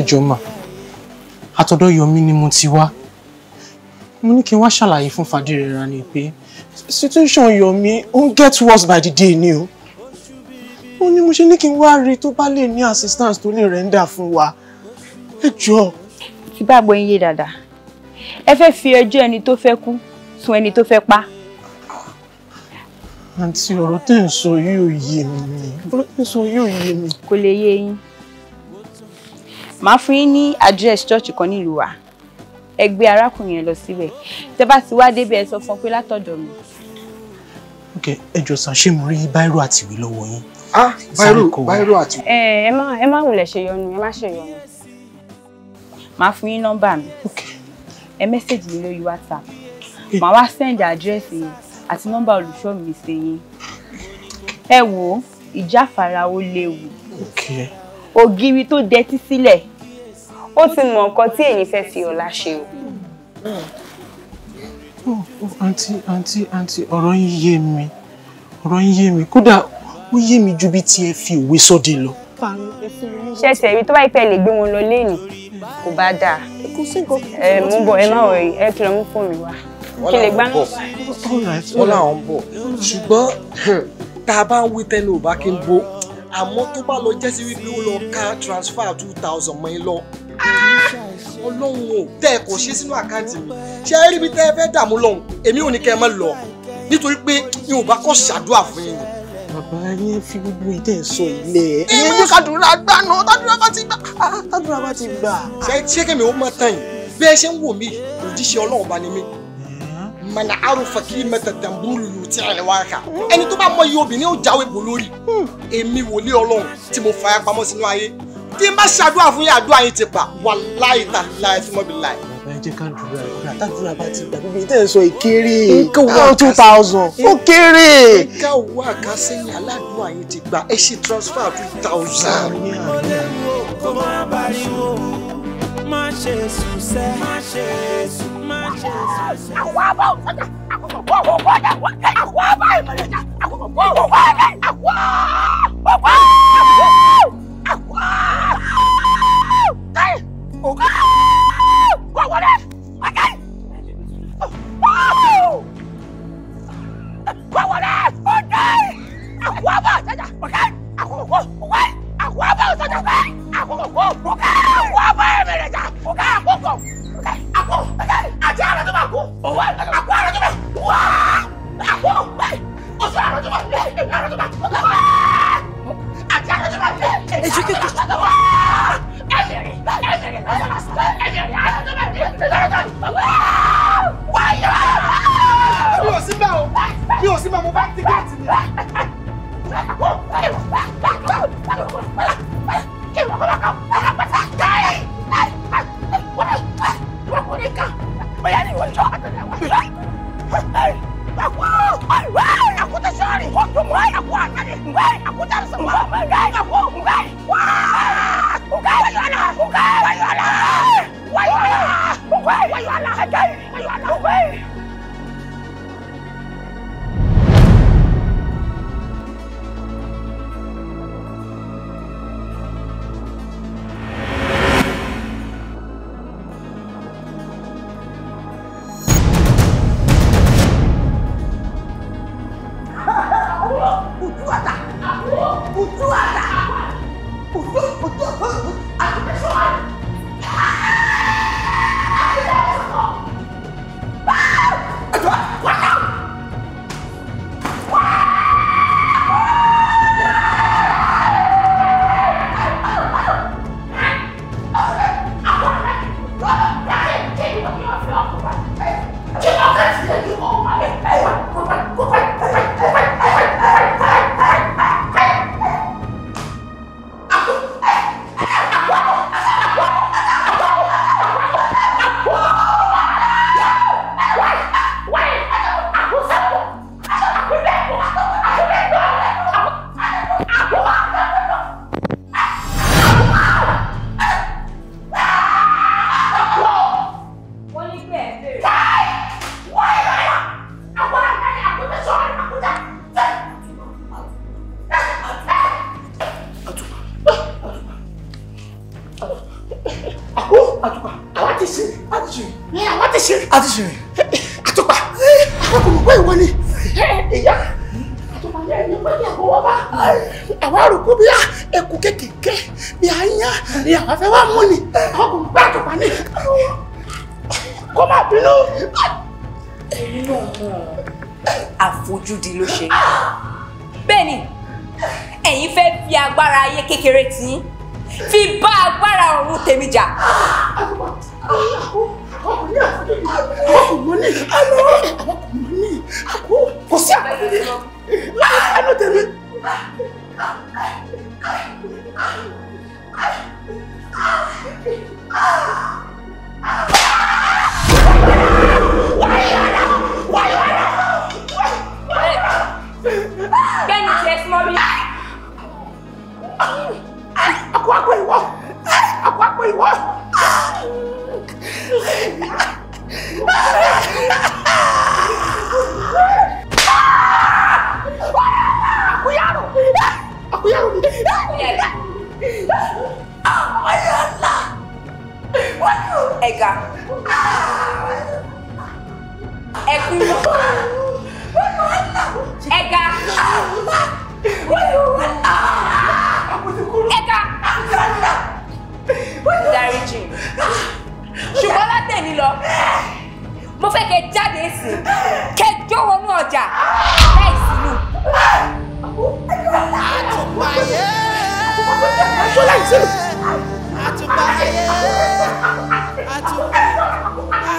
ẹjọ́ mà àtọ̀dọ̀ Yọ̀mí ni mo ti wá mo ní kí n wá ṣàlàyé fún Fàdérera ni pé situation Yọ̀mí ó ń get worse by the day ni o ó ní mo ṣe ní kí n wá rí tó bá lè ní assistance tó lè rẹ́ńdà fún wa ẹjọ́. ti gbàgbọ́ yín yé dáadáa ẹ fẹ́ fi ẹjọ́ ẹni tó fẹ́ kú sun ẹni tó fẹ́ pa. àǹtí ọ̀rọ̀ tẹ̀ ń sọ yóò yé mi ọ̀rọ̀ tẹ̀ ń sọ yóò yé mi. kò lè yé yín. Ma fún ni address church kan nílùú wa ẹ gbé arákùnrin yẹn lọ síbẹ̀ tẹ́ bá ti wá débi ẹ sọ fún pé látọ̀dọ̀ mi. ok ẹ jọ sàn ṣé mo rí báírò àtìwé lọ́wọ́ yín. ah báírò báírò àtìwé. ẹ ẹ má ẹ má wulẹ̀ ṣe yọnu ẹ má ṣe yọnu màá fún yín nọ́mbà mi ẹ mẹ́sẹ̀jì mi lórí whatsapp màá wá send address yín àti nọ́mbà olùṣọ́ mi sí yín ẹ wo ìjáfara ó léwu ògiri tó dẹtí sílẹ̀ ó ti mọ nǹkan tí èyí fẹ́ fi ọ̀la ṣe o. àǹtí àǹtí àǹtí ọ̀rọ̀ yín yé mi ọ̀rọ̀ yín yé mi kódà ó yé mi ju bí tí ẹ fi òwe sọ́dẹ̀ lọ. ṣẹ̀ṣẹ̀ ibi tó bá pẹ́ lè gbé wọn lọ léènì kò bá dáa ẹ mú bọ̀ ẹ má wọ̀ ẹ kìlọ̀ mú fóònù wa kí lè gbá náà. wọ́n làwọn ń bọ̀ ṣùgbọ́n tá a bá ń wí tẹ́nu ò bá kí n bó àmọ́ tó bá lọ jẹ́ sí wípé ó lọ ká transfer two thousand mọ́ ẹ lọ ọlọ́run o tẹ́ ẹ kò ṣe sínú àkáǹtì mi ṣé ẹ rí ibi tẹ́ ẹ fẹ́ dààmú lọ́hùn èmi ò ní kẹ́ ẹ má lọ nítorí pé mi ò bá kọ́ ṣàdúrà fún yín. bàbá yẹn fi gbogbo ìdẹ́ sọ ilé ẹ. ẹ ní kàdúrà gbà náà tàdúrà bá ti gbà. Ah, tàdúrà bá ti gbà. ṣé ṣé kẹ́mi ó máa tàn yín bí ẹ ṣe ń wò mí òjíṣẹ́ ọlọ́run bá ní mí hmm? mana arufa kí mẹta dambulu yóò tí ẹ wá kà ẹni tó bá mọ iye obìnrin ó jáwé bò lórí hmm. èmi wòlé ọlọ́run tí mo fà á tí n bá ṣàdúrà fún yín àdúrà ti gbà wàláhì tàláhì tí mo bí láì. bàbá ẹ jẹ́ ká dúró àdúrà tàdúrà bá ti gbà bíbí tẹ̀ sọ ìkéré nǹkan two thousand ó kéré. nǹkan owó àkásẹ́yìn aládùúrà yín ti gbà ẹ ṣe transfer two thousand. kó máa pariwo má ṣe sùn má ṣe sùn má ṣe sùn sẹ́. àwọn abọ́ òṣèlú àkókò kó owó kọjá wọ́n kẹ́ àwọn abọ́ ìmọ̀lẹ́jà àkókò kó owó kọjá àwọn àwọn àwọn. Oh. Ah! What was that? I can't. Oh. What was that? bínú. èmi náà mọ̀ àfojúdi ló ṣe é bẹ́ẹ̀ ni ẹ̀yin fẹ́ fi agbára ayé kékeré tí fi bá agbára ọ̀run tèmi jà. kò sí àkókò lánàá tèmi. Ah! Ega. Ah! ẹkún ẹga ẹga dáríjì ṣùgbọ́n látẹ̀ni lọ mo fẹ́ kẹ́ jáde sí kẹ́ jó wọnú ọjà láì sínú. àtùpàyé àtùpàyé àtùpàyé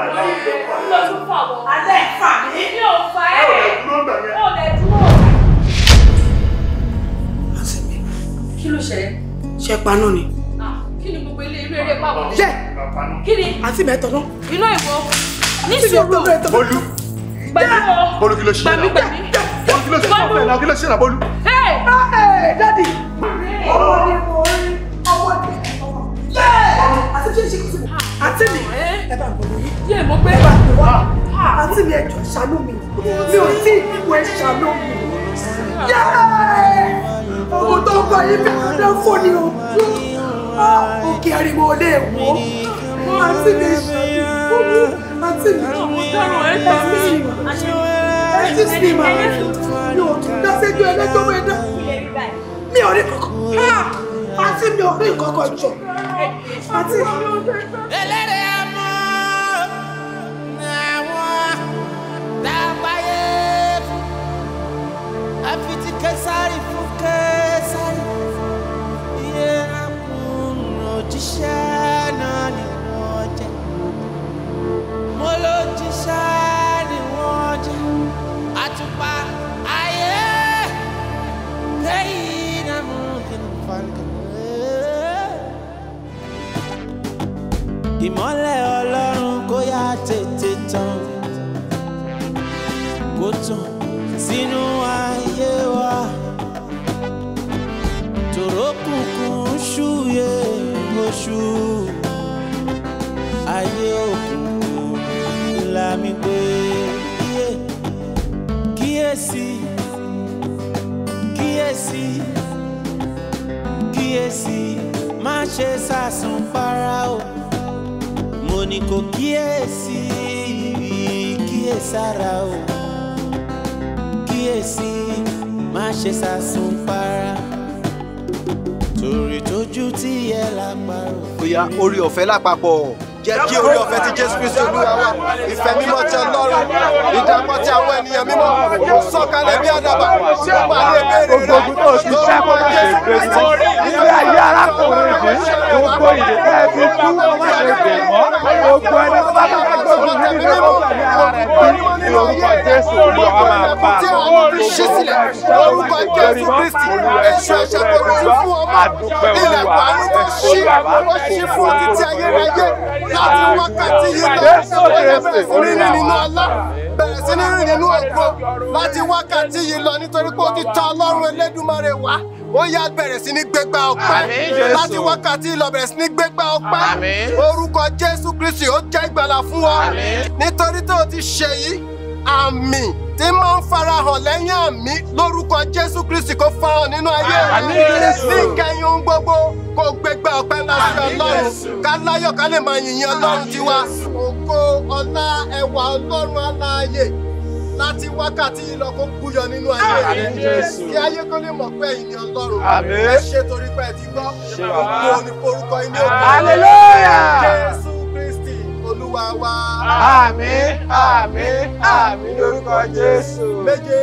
fà náà. ló tún fà wọ. alẹ́ fà paná ni. kí ni gbogbo ilé irú eré pàwọ́. yẹ kí ni. àti mẹ́tọ̀ náà. iná ìwọ ní sùúrù. bólú. gbàgbọ́. bólú kí ló ṣe é náà. gbàmígbàmí. bólú kí ló ṣe é náà bẹ́ẹ̀ náà kí ló ṣe é náà bólú. ẹ ẹ dádì. ọmọdé ọmọdé. àti mi ẹ bá ń gbọ́dọ̀ yìí. yé mo pé bá mi wá ah. àti mi ẹjọ ṣàánú mi mi ò tí ì kú ẹ ṣàánú mi. ọmọ tó ń gbọ́ yìí bí wọ́n dán fóònù o ah, òkè ariwo lè wò ó àti mi ṣàánú mi àti mi ẹ ti sì máa mi ò tún dá sẹ́jọ́ ẹlẹ́jọ́ mẹ́ta mi ò rí kankan àti mi ò rí kankan jọ àti. Késárì fún Késárì iye ẹkùn òjíṣẹ́ náà ni wọ́n jẹ́ mo ló jíṣẹ́ ni wọ́n jẹ́ àtùpà ayé lẹ́yìn náà mo Ọlọ́run kó yá tètè tán kó tán sínú ayé wa tòrókùnkùn ṣúyè oṣù ayé òkùnkùn lami gbé kíyèsí kíyèsí kíyèsí má ṣe sásùn para o mo ní kò kíyèsí kíyèsára o kíyèsí má ṣe sàsùn para torí tójú tí yẹ lápárò. bóyá orí ọ̀fẹ́ lápapọ̀ jẹ́ kí orí ọ̀fẹ́ tí jésù kristu olúwa wa ìfẹ́ mímọ́ ti ọlọ́run ìdàpọ̀ ti àwọn ènìyàn mímọ́ kò sọ̀kalẹ̀ bí àdàbà kó má lè béèrè rẹ̀ gbogbo ti jésù kristu ilé ayé arákùnrin yìí gbogbo ìdíkẹ́ fi kú ọmọ ṣe gbogbo ẹni tó bá bá lórúkọ jésù olúwa máa bá a lọ lórúkọ jésù kristi èso ẹ̀ṣẹ̀ kò ní sí fún ọmọ ilẹ̀kùn àánú tó ṣí ló ṣí fún títí ayérayé láti wákàtí yìí lọ bẹ̀rẹ̀ sí ní rìn nínú ọlá bẹ̀rẹ̀ sí ní rìn nínú ògo láti wákàtí yìí lọ nítorí pé ó ti ta ọlọ́run ẹlẹ́dùnmarè wá ó yá bẹ̀rẹ̀ sí ní gbégbá ọpẹ́ láti wákàtí lọ bẹ̀rẹ̀ sí ní gbégbá ọpẹ́ orúkọ jésù kristi ó jẹ́ ìgbàlà fún ọ nítorí tó o ti ṣe yìí àmì tí máa ń farahàn lẹ́yìn àmì lórúkọ jésù kristi kó farahàn nínú ayé rẹ ní ìkẹyìn ohun gbogbo kó gbégbá ọpẹ́ ńlá sí ọlọ́run ká láyọ̀ ká lè máa yìnyín ọlọ́run tiwa ògo ọlá ẹwà ọlọ́run aláàyè láti wákàtí yìí lọ kó búyọ nínú ayé ah, rẹ kí ayé kó lè mọ̀ pé ẹ̀yin ni Ọlọ́run ẹ ṣe torí pé ẹ ti gbọ́ ògo ni forúkọ ilé òkú Jésù Kristi Olúwa wa. àmín àmín àmín lórúkọ Jésù. méje.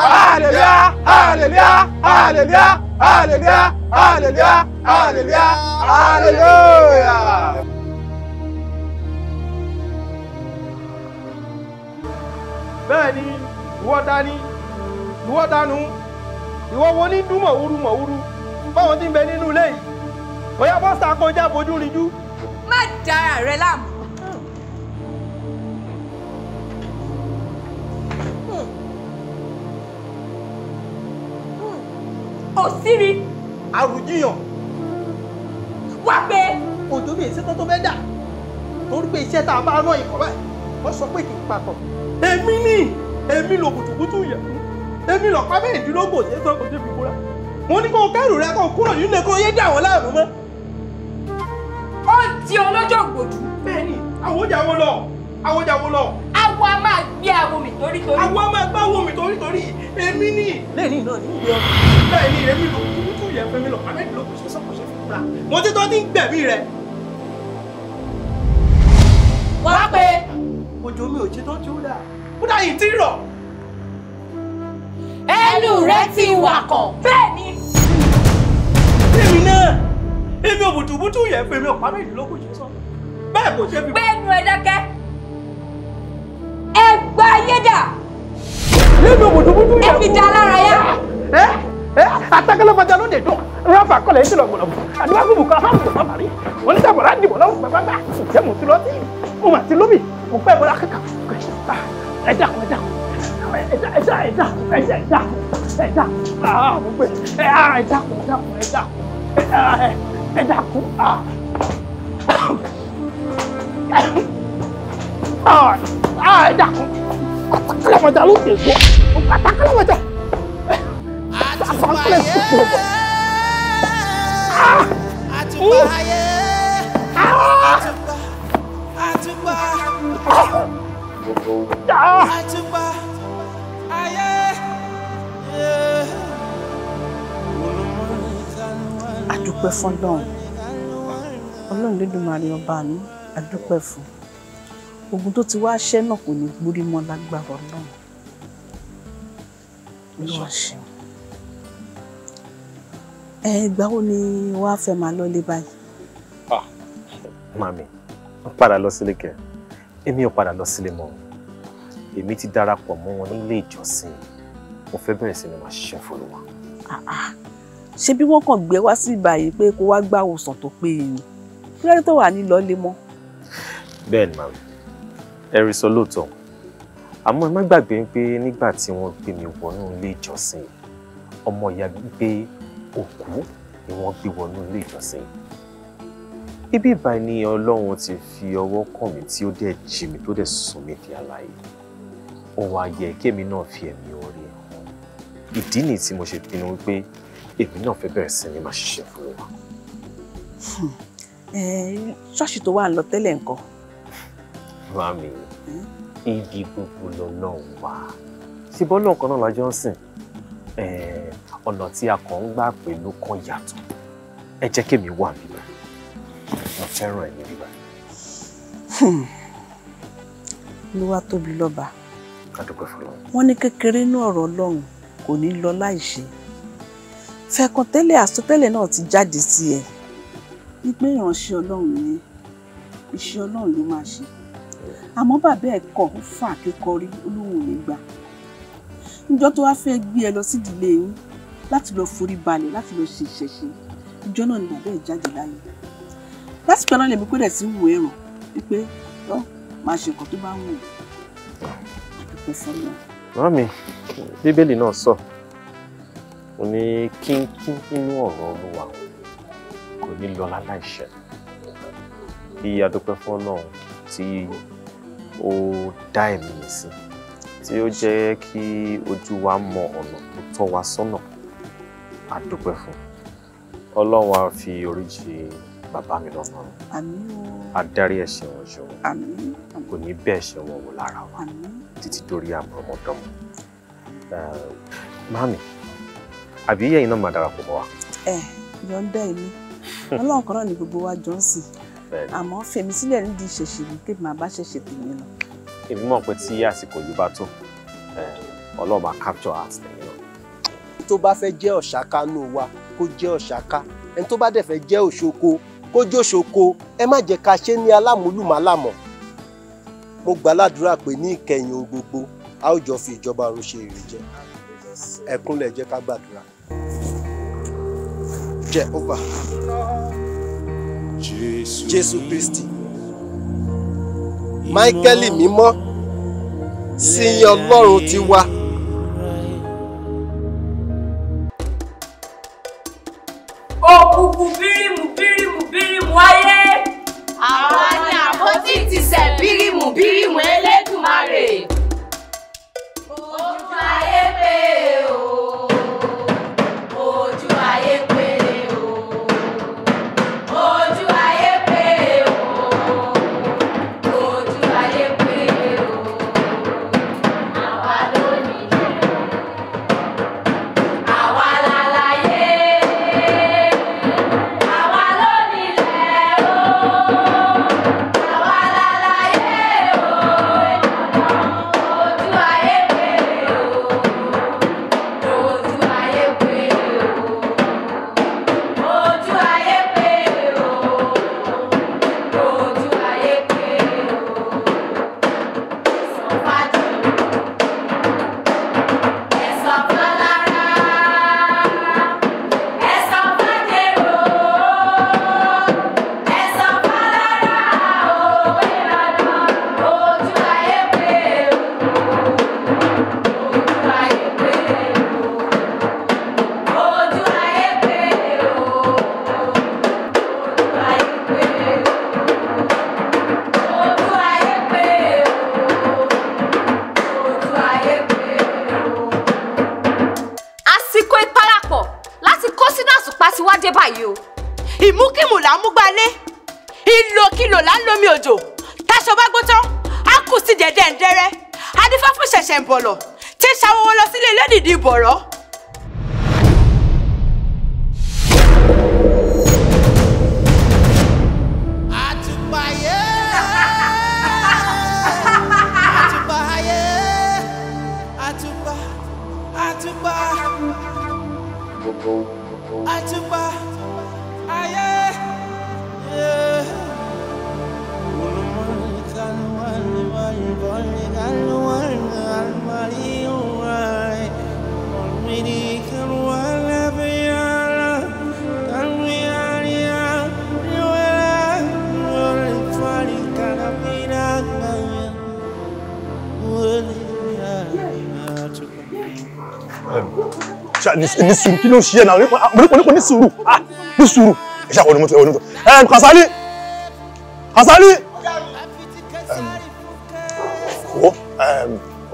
hallelujah hallelujah hallelujah hallelujah hallelujah hallelujah hallelujah. bẹ́ẹ̀ ni ìwọ dání ìwọ dánú ìwọ wo ní dún mọ̀wúrú mọ̀wúrú báwọn ti ń bẹ nínú ilé yìí òyà bọ́sà kọjá fojú rinjú. má dára rẹ láàmú. òsírí. àrùjíyàn. wá pé. òjò bíi ìṣẹ́tọ́ tó fẹ́ dà torí pé iṣẹ́ tá a bá rán ikọ̀ wọ́n sọ pé kì í papọ̀ èmi ni èmi lò kùtùkùtù yẹ̀kú èmi lọ pa mẹ́rìndínlógún òṣèlú tó kọjá fi kúra mo ní kó kẹ́rù rẹ kó kúrò nínú o yé dà wọ́n láàmú mọ́. ó di ọlọ́jọ́ gbòdú. bẹ́ẹ̀ni àwọn ọjà wo lọ àwọn ọjà wo lọ. awo a máa gbé awo mi torítorí. awo a máa gbé awo mi torítorí èmi ni. lẹ́ẹ̀ni náà ní ìgbé ọ. bẹ́ẹ̀ni èmi lò kùtùkùtù yẹ̀kú èmi lọ pa mẹ́rìndínlógún òṣèlú tó kọjá fi kúra mo ti tọ́ ti ń gbẹ̀mí rẹ. wàá pe òjò mi ò ṣe tán tí dà kódà yìí ti rọ̀. ẹnu rẹ ti wà bẹ́ẹ̀ ni. èmi náà èmi ò bùtùbùtù yẹn pé mi ò méjìlélógún ṣe sọ bẹ́ẹ̀ kò ṣe fi. gbẹ́nu ẹ ẹ gba ayé èmi ò bùtùbùtù yẹn. ẹ fi da lára yá. ẹ ẹ atakẹlẹ fàjà ló dé dùn rafa kọlẹ ẹsẹ lọgbọlọ àdúrà gbogbo kan hàn mọ bàbá rí wọn ní dìbò lọ́wọ́ bàbá bá ìjẹmùtí lọtí òun àti lómi kò pẹ́ bọ́lá kankan ẹ dákun ẹ dákun ẹ dákun ẹ dákun ẹ dákun ẹ dákun ah mo pé ẹ dákun ẹ dákun ẹ dákun ẹ dákun ah. Ah, ah, ẹ dákun. Àtàkàlàmọ̀dà ló dé gbọ́. Àtàkàlàmọ̀dà. Àtàkàlẹ̀ sùpọ̀ bọ̀. Àtùpà ayé. Àtùpà. Àtùpà àtùpà ayé àdúpẹ́ fún ọlọ́run ọlọ́run lẹ́dùnmarè ọba mi àdúpẹ́ fún ogun tó ti wá ṣẹ́ náà kò ní gbórí mọ́ lágbára ọlọ́run olúwa ṣeun ẹ ìgbà wo ni wàá fẹ́ máa lọ lé báyìí. Ah, màmí ń padà lọ sílé kẹ́ẹ̀ èmi ò padà lọ sílé mọ́ èmi ti darapọ̀ mọ́ wọn nílé ìjọsìn mo fẹ́ bẹ̀rẹ̀ sí ni máa ṣiṣẹ́ fọlọ́wà. Ah, ah. ṣé bí wọ́n kàn gbé wá sí ìbàyìí pé kó wá gbá òsàn tó pé e ni kí lóde tó wà ní lọ́lé mọ́. bẹ́ẹ̀ ni màmí ẹ rí sọ lóòótọ́ àmọ́ ẹ má gbàgbé pé nígbà tí wọ́n gbé mi wọnú ilé ìjọsìn ọmọ ìyá gbígbé òkú ni wọ́n gbé wọnú ilé ìjọsìn yìí ibi ìbáyìí ni ọlọ́run ti fi ọwọ́ kàn mí tí ó dẹ̀ jí mi tó dẹ̀ sùn mí di àlàyé ó wá yẹ kémi náà fi ẹ̀mí orí ẹ̀ hàn ìdí nìyí tí mo ṣe pinnu wípé èmi náà fẹ́ bẹ̀rẹ̀ sí ni máa ṣiṣẹ́ fún wa. Hmm. ṣọ́ọ̀ṣì tó wà lọ tẹ́lẹ̀ nǹkan. mami ibi gbogbo lọ́lọ́run wá ṣe bọ́ọ̀lù kan náà lájọ́ ń sìn ọ̀nà tí a kàn ń gbà pẹ̀lú kan yàtọ̀ ẹ jẹ́ kémi wà níbẹ̀ mo fẹ́ràn ẹ̀ nígbà. Hmm. olúwa tóbi lọ́ba wọ́n ní kékeré inú ọ̀rọ̀ ọlọ́run kò ní lọ láìṣe fẹ̀kàn tẹ́lẹ̀ àsọtẹ́lẹ̀ náà ti jáde sí ẹ wípé ìránṣẹ́ ọlọ́run ni iṣẹ́ ọlọ́run ló máa ṣe àmọ́ bàbá ẹ̀ kọ̀ ó fà kékọrí olóhùn mi gbà ìjọ tó wá fẹ́ gbé ẹ lọ sídìílé yín láti lọ forí balẹ̀ láti lọ ṣe ìṣẹ̀ṣe ìjọ náà ni bàbá ẹ̀ jáde láyé lásìkò náà lèmi kó dẹ̀ sí wù ẹ̀rùn wípé ọ máa ṣe nǹkan tó bá wù ú àdúpẹ́ sọ́nà. mami bíbélì náà sọ o ní kínkín nínú ọ̀rọ̀ olúwa kò ní lọ láláìṣẹ bí adúpẹ́ fún náà tí ó dá ẹ̀mí mi sí tí ó jẹ́ kí ojú wa mọ ọ̀nà tó tọ́ wa sọ́nà adúpẹ́ fún ọlọ́run á fi oríjì bàbá mi lọ́kàn rẹ̀. àmín o. adarí ẹ̀ṣẹ̀ wọn ṣọwọ́. àmín. kò ní bẹ́ẹ̀ ṣe wọn wò lára wa. àmín. títí dórí àbọ̀mọdọ́mọ. mami àbí ẹ̀yin náà máa darapọ̀ mọ́ wa. ẹ yọ̀ǹda èmi ọlọ́run kan náà ni gbogbo wa jọ ń sìn àmọ́ fèmí sílẹ̀ nídìí ìṣẹ̀ṣẹ̀ mi kébì máa bá ṣẹ̀ṣẹ̀ tèmi lọ. èmi mọ̀ pé tí àsìkò yìí bá tó ọlọ́run máa capture heart tẹ̀yìn lọ. tó bá fẹ́ jẹ́ ọ̀ṣàká nù wa kó jẹ́ ọ̀ṣàká ẹni tó bá dẹ̀ fẹ́ jẹ́ òṣoko kó jòṣoko ẹ má jẹ́ ká ṣe ní alámúlùmálàmọ̀ mo gbàládùra pé ní ìkẹyìn ohun gbogbo a ó jọ fi ìjọba ọ̀run ṣe èrè jẹ ẹkúnlẹ̀ jẹ́ ká gbàdúrà jẹ́ ọba jésù kristi máíkẹ́lì mímọ́ sí ọlọ́run tiwa. atuba, àtùpà ayé. yeah. ló wà ní wàlúùbọ̀lì ká ní sùúrù kí ló ń ṣiṣẹ́ náà onípo ní sùúrù ní sùúrù ẹ ṣàkóso ní mọ́tò ẹ onímọ́tò ẹ Kasali Kasali wo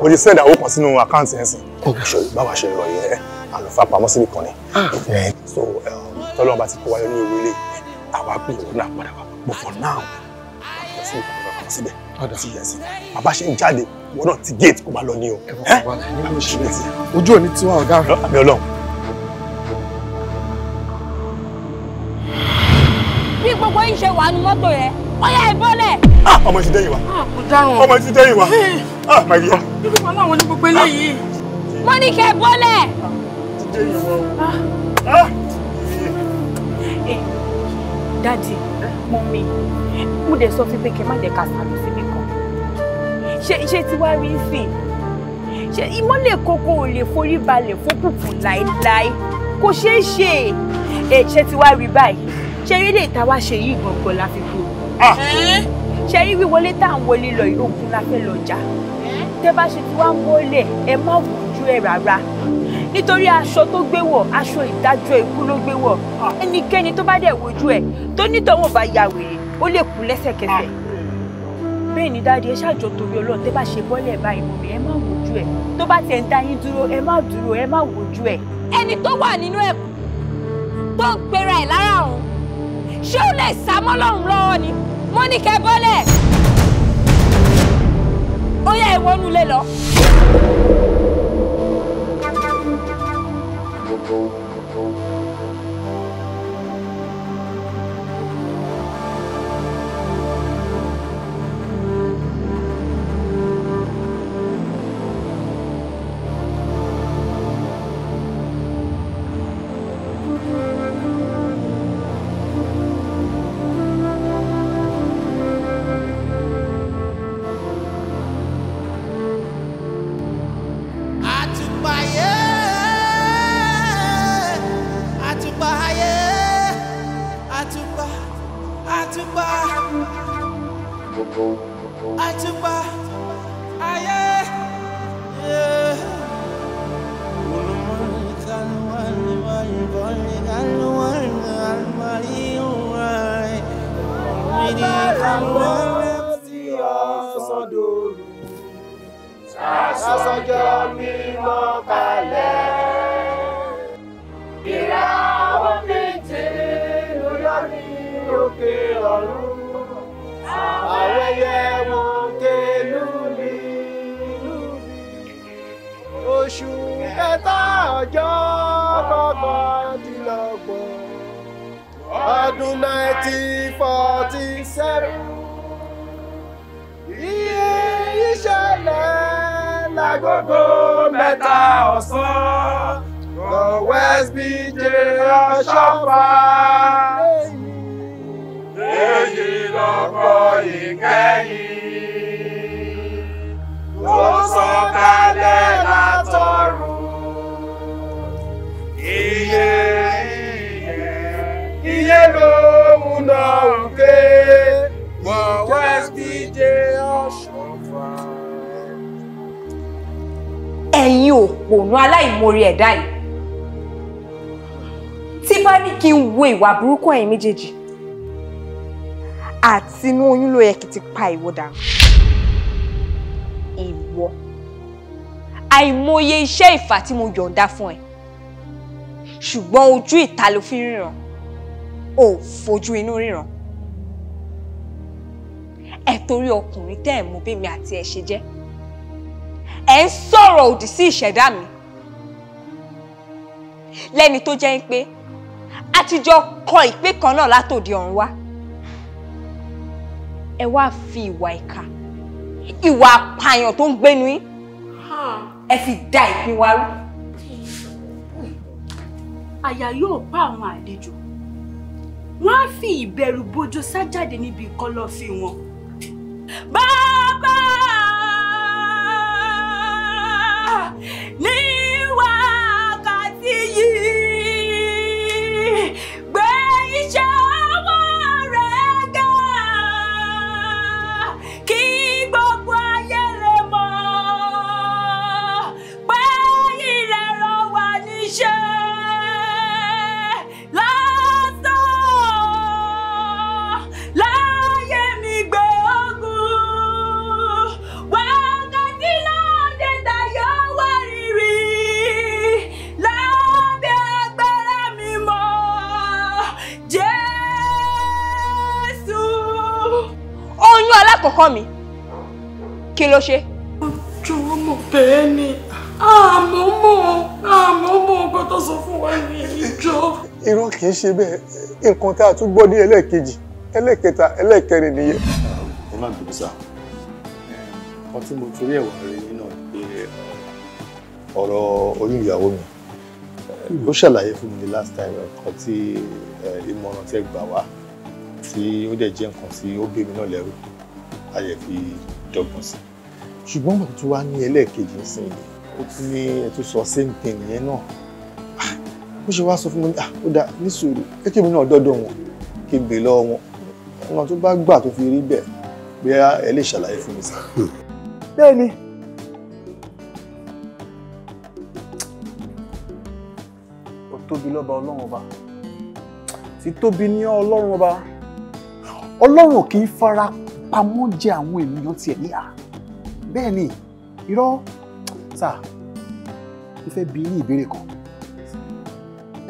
mo ti send àwọn kan sínú àkáǹtì yẹn sí báwa ṣe lọ yẹn àlùfáà pamọ́ síbi kan ah. so tọ́lọ́wọ́n ti kó wáyé ní orílẹ̀ àwa pè é náà padà wá but for now àlùfáà síbi kan ni wọ́n kọ́ síbẹ̀ ti yẹ sí bàbá ṣe ń jáde wọn náà ti gate kó máa lọ ní o ẹ àmì ìṣẹ̀lẹ̀ sí. ojú òní tí wọn ọgá rẹ. àmì Ọlọ́run. bí gbogbo yín ṣe wà ní mọ́tò yẹn ó yá ìbọ́lẹ̀. Ah, ọmọ ti dẹ́yìn wa ah, ọmọ ti dẹ́yìn wa máa yẹ. bíbí wọn láwọn ní gbogbo eléyìí. wọ́n ní kẹ́ bọ́lẹ̀. dadi mọ mi mo dẹ̀ sọ fún pé kẹ́ má jẹ́ ká sàlùsí ṣé ṣé tí wàá rí sí ṣé ìmọ́lẹ̀ kókó ò lè forí balẹ̀ fókùnkùn láéláé kò ṣeé ṣe ẹ ṣé tí wàá rí báyìí ṣé eré lè ta wá ṣe yìí gbọ̀ngàn la fi kú ah. ṣé rí wíwọlé tá à ń wọlé lọ yìí òkun la fẹ́ lọ jà tẹ́ bá ṣe tí wàá mọ́lẹ̀ ẹ má wùjú ẹ rárá nítorí aṣọ tó gbé wọ̀ aṣọ ìdájọ́ ikú ló gbé wọ̀ ah. ẹnikẹ́ni tó bá dẹ̀ wojú ẹ̀ tó nítọ̀wọ̀n bá ya wèrè ó lè kú lẹ́sẹ̀kẹsẹ̀ bẹ́ẹ̀ ni dáadé ẹ ṣàjọ torí ọlọ́run tẹ́ bá ṣe bọ́lẹ̀ ẹ̀ báyìí mọ̀mí ẹ má wojú ẹ̀ tó bá tiẹ̀ ń dá yín dúró ẹ má dúró ẹ má wojú ẹ̀. ẹni tó wà nínú ẹ̀ tó ń pera ẹ̀ lára òun ṣé ó lè sá mọ́ lọ́wọ́ ni mo ní kẹ́ bọ́lẹ̀ ó yá ẹ wọnú ilé lọ. ìwà burúkú ẹ̀yin méjèèjì àti inú oyún ló yẹ kí ti pa ìwọ dànù ìwọ àìmọye iṣẹ́ ìfà tí mo yọ̀ǹda fún ẹ ṣùgbọ́n ojú ìta ló fi ríran ò fojú inú ríran ẹ torí ọkùnrin tẹ́ ẹ̀ mú bèmi àti ẹ ṣe jẹ́ ẹ ń sọ̀rọ̀ òdì sí ìṣẹ̀dá mi lẹ́ni tó jẹ́ pé àtijọ́ kọ ìpè kan náà látòdì ọ̀run wá ẹ wá fi ìwà ìkà ìwà apààyàn tó ń gbénu yín ẹ fi da ìpín wa rú. àyà yóò bá àwọn àlejò wọn á fi ìbẹ̀rù bojo sá jáde níbi ìkọlọ́fín wọn. báà ló ṣe. jọ̀wọ́ mo bẹ́ẹ̀ ni àmọ́ mọ̀ àmọ́ mọ̀ ọgbọ́n tó sọ fún wa ní ìjọ. irọ́ kì ṣe bẹ́ẹ̀ nǹkan tá a tún gbọ́ ní ẹlẹ́ẹ̀kejì ẹlẹ́ẹ̀kẹta ẹlẹ́ẹ̀kẹrin nìyẹn. ẹ má bínú sá ọ tí mo torí ẹ̀wà rẹ nínú pé ọ̀rọ̀ oyún ìyàwó mi ó ṣàlàyé fún mi the last time ọkọ tí ìmọ̀ràn tẹ́ gbà wá tí ó dẹ̀ jẹ́ nǹkan tí ó bí mi náà lẹ́rù ayẹ̀ fi dọ́gbọ́n sí i ṣùgbọ́n màá tún wá ní ẹlẹ́ẹ̀kejì ńsìn yìí ó tún ní ẹ sọ same thing yẹn náà ah, bó ṣe wá sọ fún mi ah, ó dá ní sùúrù kékeré mi náà dọ́dọ̀ wọn kí n bè lọ́wọ́ wọn ọ̀nà tó bá gbà tó fi rí bẹ́ẹ̀ bóyá ẹ lè ṣàlàyé fún mi sí. bẹ́ẹ̀ ni ó tóbi lọ́ba ọlọ́run ọba ti tóbi ní ọlọ́run ọba ọlọ́run kì í fara pamọ́ jẹ àwọn ènìyàn tiẹ̀ níyà bẹ́ẹ̀ ni irọ́ sà mo fẹ́ bi ní ìbéèrè kan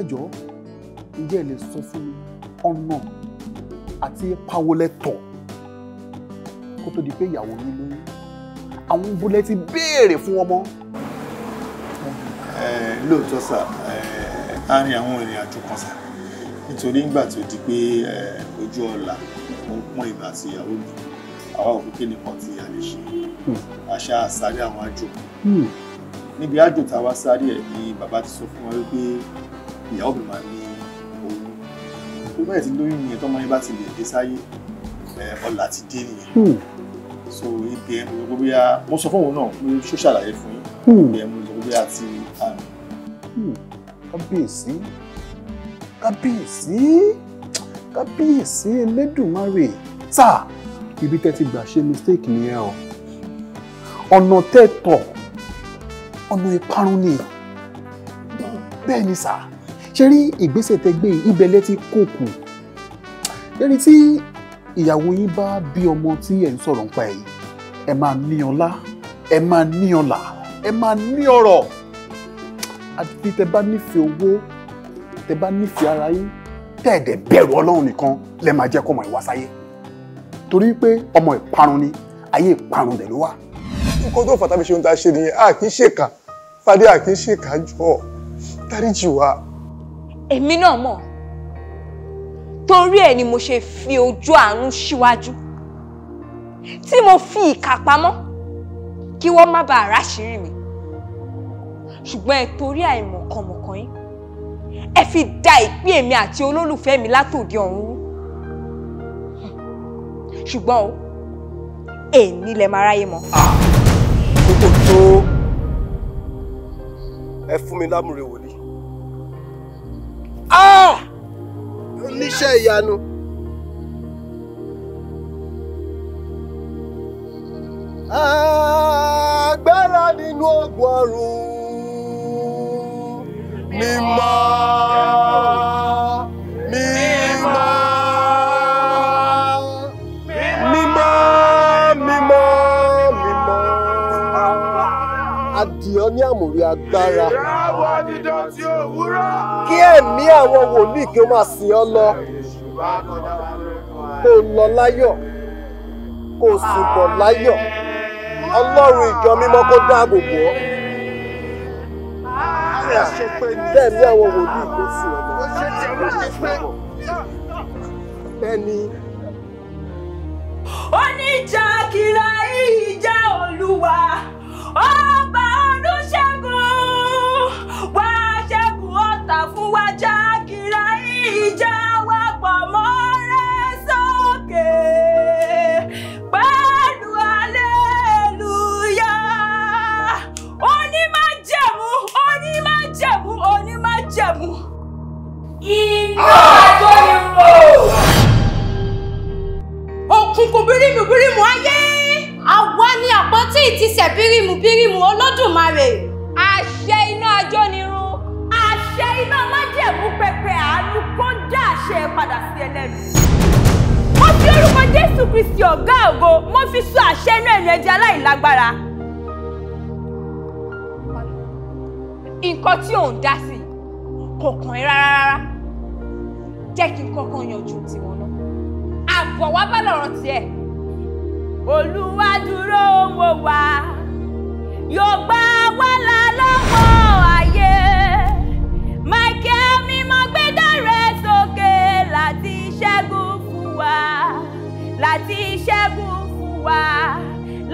ẹ jọ ǹjẹ́ ẹ lè sọ fún mi ọ̀nà àti pawolẹ́tọ̀ kó tó di pé ìyàwó mi lóyún àwọn bólẹ́ ti béèrè fún ọmọ. Eh, lóòótọ́ sà á eh, rin àwọn ìrìn àjò kan sà nítorí nígbà tó di pé eh, ojú ọ̀la mo pọ́n ìgbà àti ìyàwó mi àwa òfin kí ni kan tí a lè ṣe hmm. àṣà àsáré àwọn àjò hmm. níbi àjò tá a wá sáré ẹ̀ ni bàbá ti sọ fún wa wípé ìyàwó mi máa ní oyún ó bẹ̀rẹ̀ sí lóyún nìyẹn tọ́mọ yẹn bá ti lè dé sáyé ọ̀là ti dé nìyẹn hmm. so ibi ẹ̀ mo gbogbo yá mo sọ fún òun náà mo ṣó ṣàlàyé fún yín ibi ẹ̀ mo gbogbo yá ti àmì. kábíyèsí kábíyèsí kábíyèsí Elédùmarè sáà ibi tẹ́ ti gbà ṣe mistake nìyẹn o ọ̀nà tẹ́ tọ̀ ọ̀nà ìparun ni bẹ́ẹ̀ ni sà ṣe rí ìgbésẹ̀ tẹ́ gbé ibẹ̀ lẹ́tí kòkù yẹ́nì tí ìyàwó yín bá bí ọmọ tí ẹ̀ ń sọ̀rọ̀ nípa ẹ̀yìn ẹ máa ní ọlá ẹ máa ní ọlà ẹ máa ní ọrọ̀ àti tẹ́ bá nífẹ̀ẹ́ owó tẹ́ bá nífẹ̀ẹ́ ara yín tẹ́ ẹ̀dẹ̀ bẹ̀rù ọlọ́run nìkan lẹ́ẹ̀ máa jẹ́ kọ́mọ ìwà torí pé ọmọ ìparun ni ayé ìparun dẹ̀ ló wà. nǹkan tó fàtàbí ṣe ohun tá a ṣe nìyẹn a kì í ṣèkà fadé a kì í ṣèkà jọ dáríjì wá. èmi náà mọ̀ torí ẹ̀ ni mo ṣe fi ojú àánú síwájú tí mo fi ìkà pamọ́ kí wọ́n má bàa ráṣírí mi ṣùgbọ́n ẹ torí àìmọ̀kànmọ̀kàn yín ẹ fi da ìpín èmi àti olólùfẹ́ mi látòde ọ̀run rú ṣùgbọ́n o èmi lẹ máa ráyè mọ́. Ah, kókó tó ẹ fún mi lámùrè wòlíì ah! oníṣẹ́ ìyanu. agbára nínú ogun ọ̀run mímọ́ mímọ́. adìọ ní àmòrí agbára. ìràwọ̀ dídán ti òwúrọ̀. kí ẹ̀mí àwọn wòlíì kí ó máa sìn ọ́ lọ. kó o lọ láyọ̀ kó o sì bọ̀ láyọ̀ ọlọ́run ìjọ mímọ́ kó dáàbò bò ọ́. àwọn wòlíì kò sùn ọ̀dọ́. bẹ́ẹ̀ni. oníjà kìlà ìjà olúwa ọba ṣẹ́gun wá ṣẹ́gun ọ̀tá fún wa já kìlá ìjà wa pọ̀ mọ́ra sókè pẹ̀lú aleluya onímájẹ̀mú onímájẹ̀mú onímájẹ̀mú. iná tó ń wò. òkùnkùn bírímù bírímù ayé àwa ni àpótí ìtìsẹ̀ bírímù bírímù olódùmarè. àṣẹ iná ajónirun. àṣẹ iná májẹ̀mú pẹpẹ àánú kó dá àṣẹ padà sí ẹlẹ́nu. mo fi orúkọ jésù kristi ọ̀gá ògo mo fi sọ àṣẹ inú ẹ̀yìn ẹja aláìlágbára. nǹkan tí ò ń dá sí kò kàn ẹ́ rárá rárá jẹ́ kí n kọ́kọ́ yanjú tiwọn náà àbọ̀ wá bá lọ̀rọ̀ tiẹ̀ olúwa dúró wò wá yóò gbà wá là lọ́wọ́ ayé michael mímọ́ gbé dáre sókè láti ṣẹ́gun fún wa láti ṣẹ́gun fún wa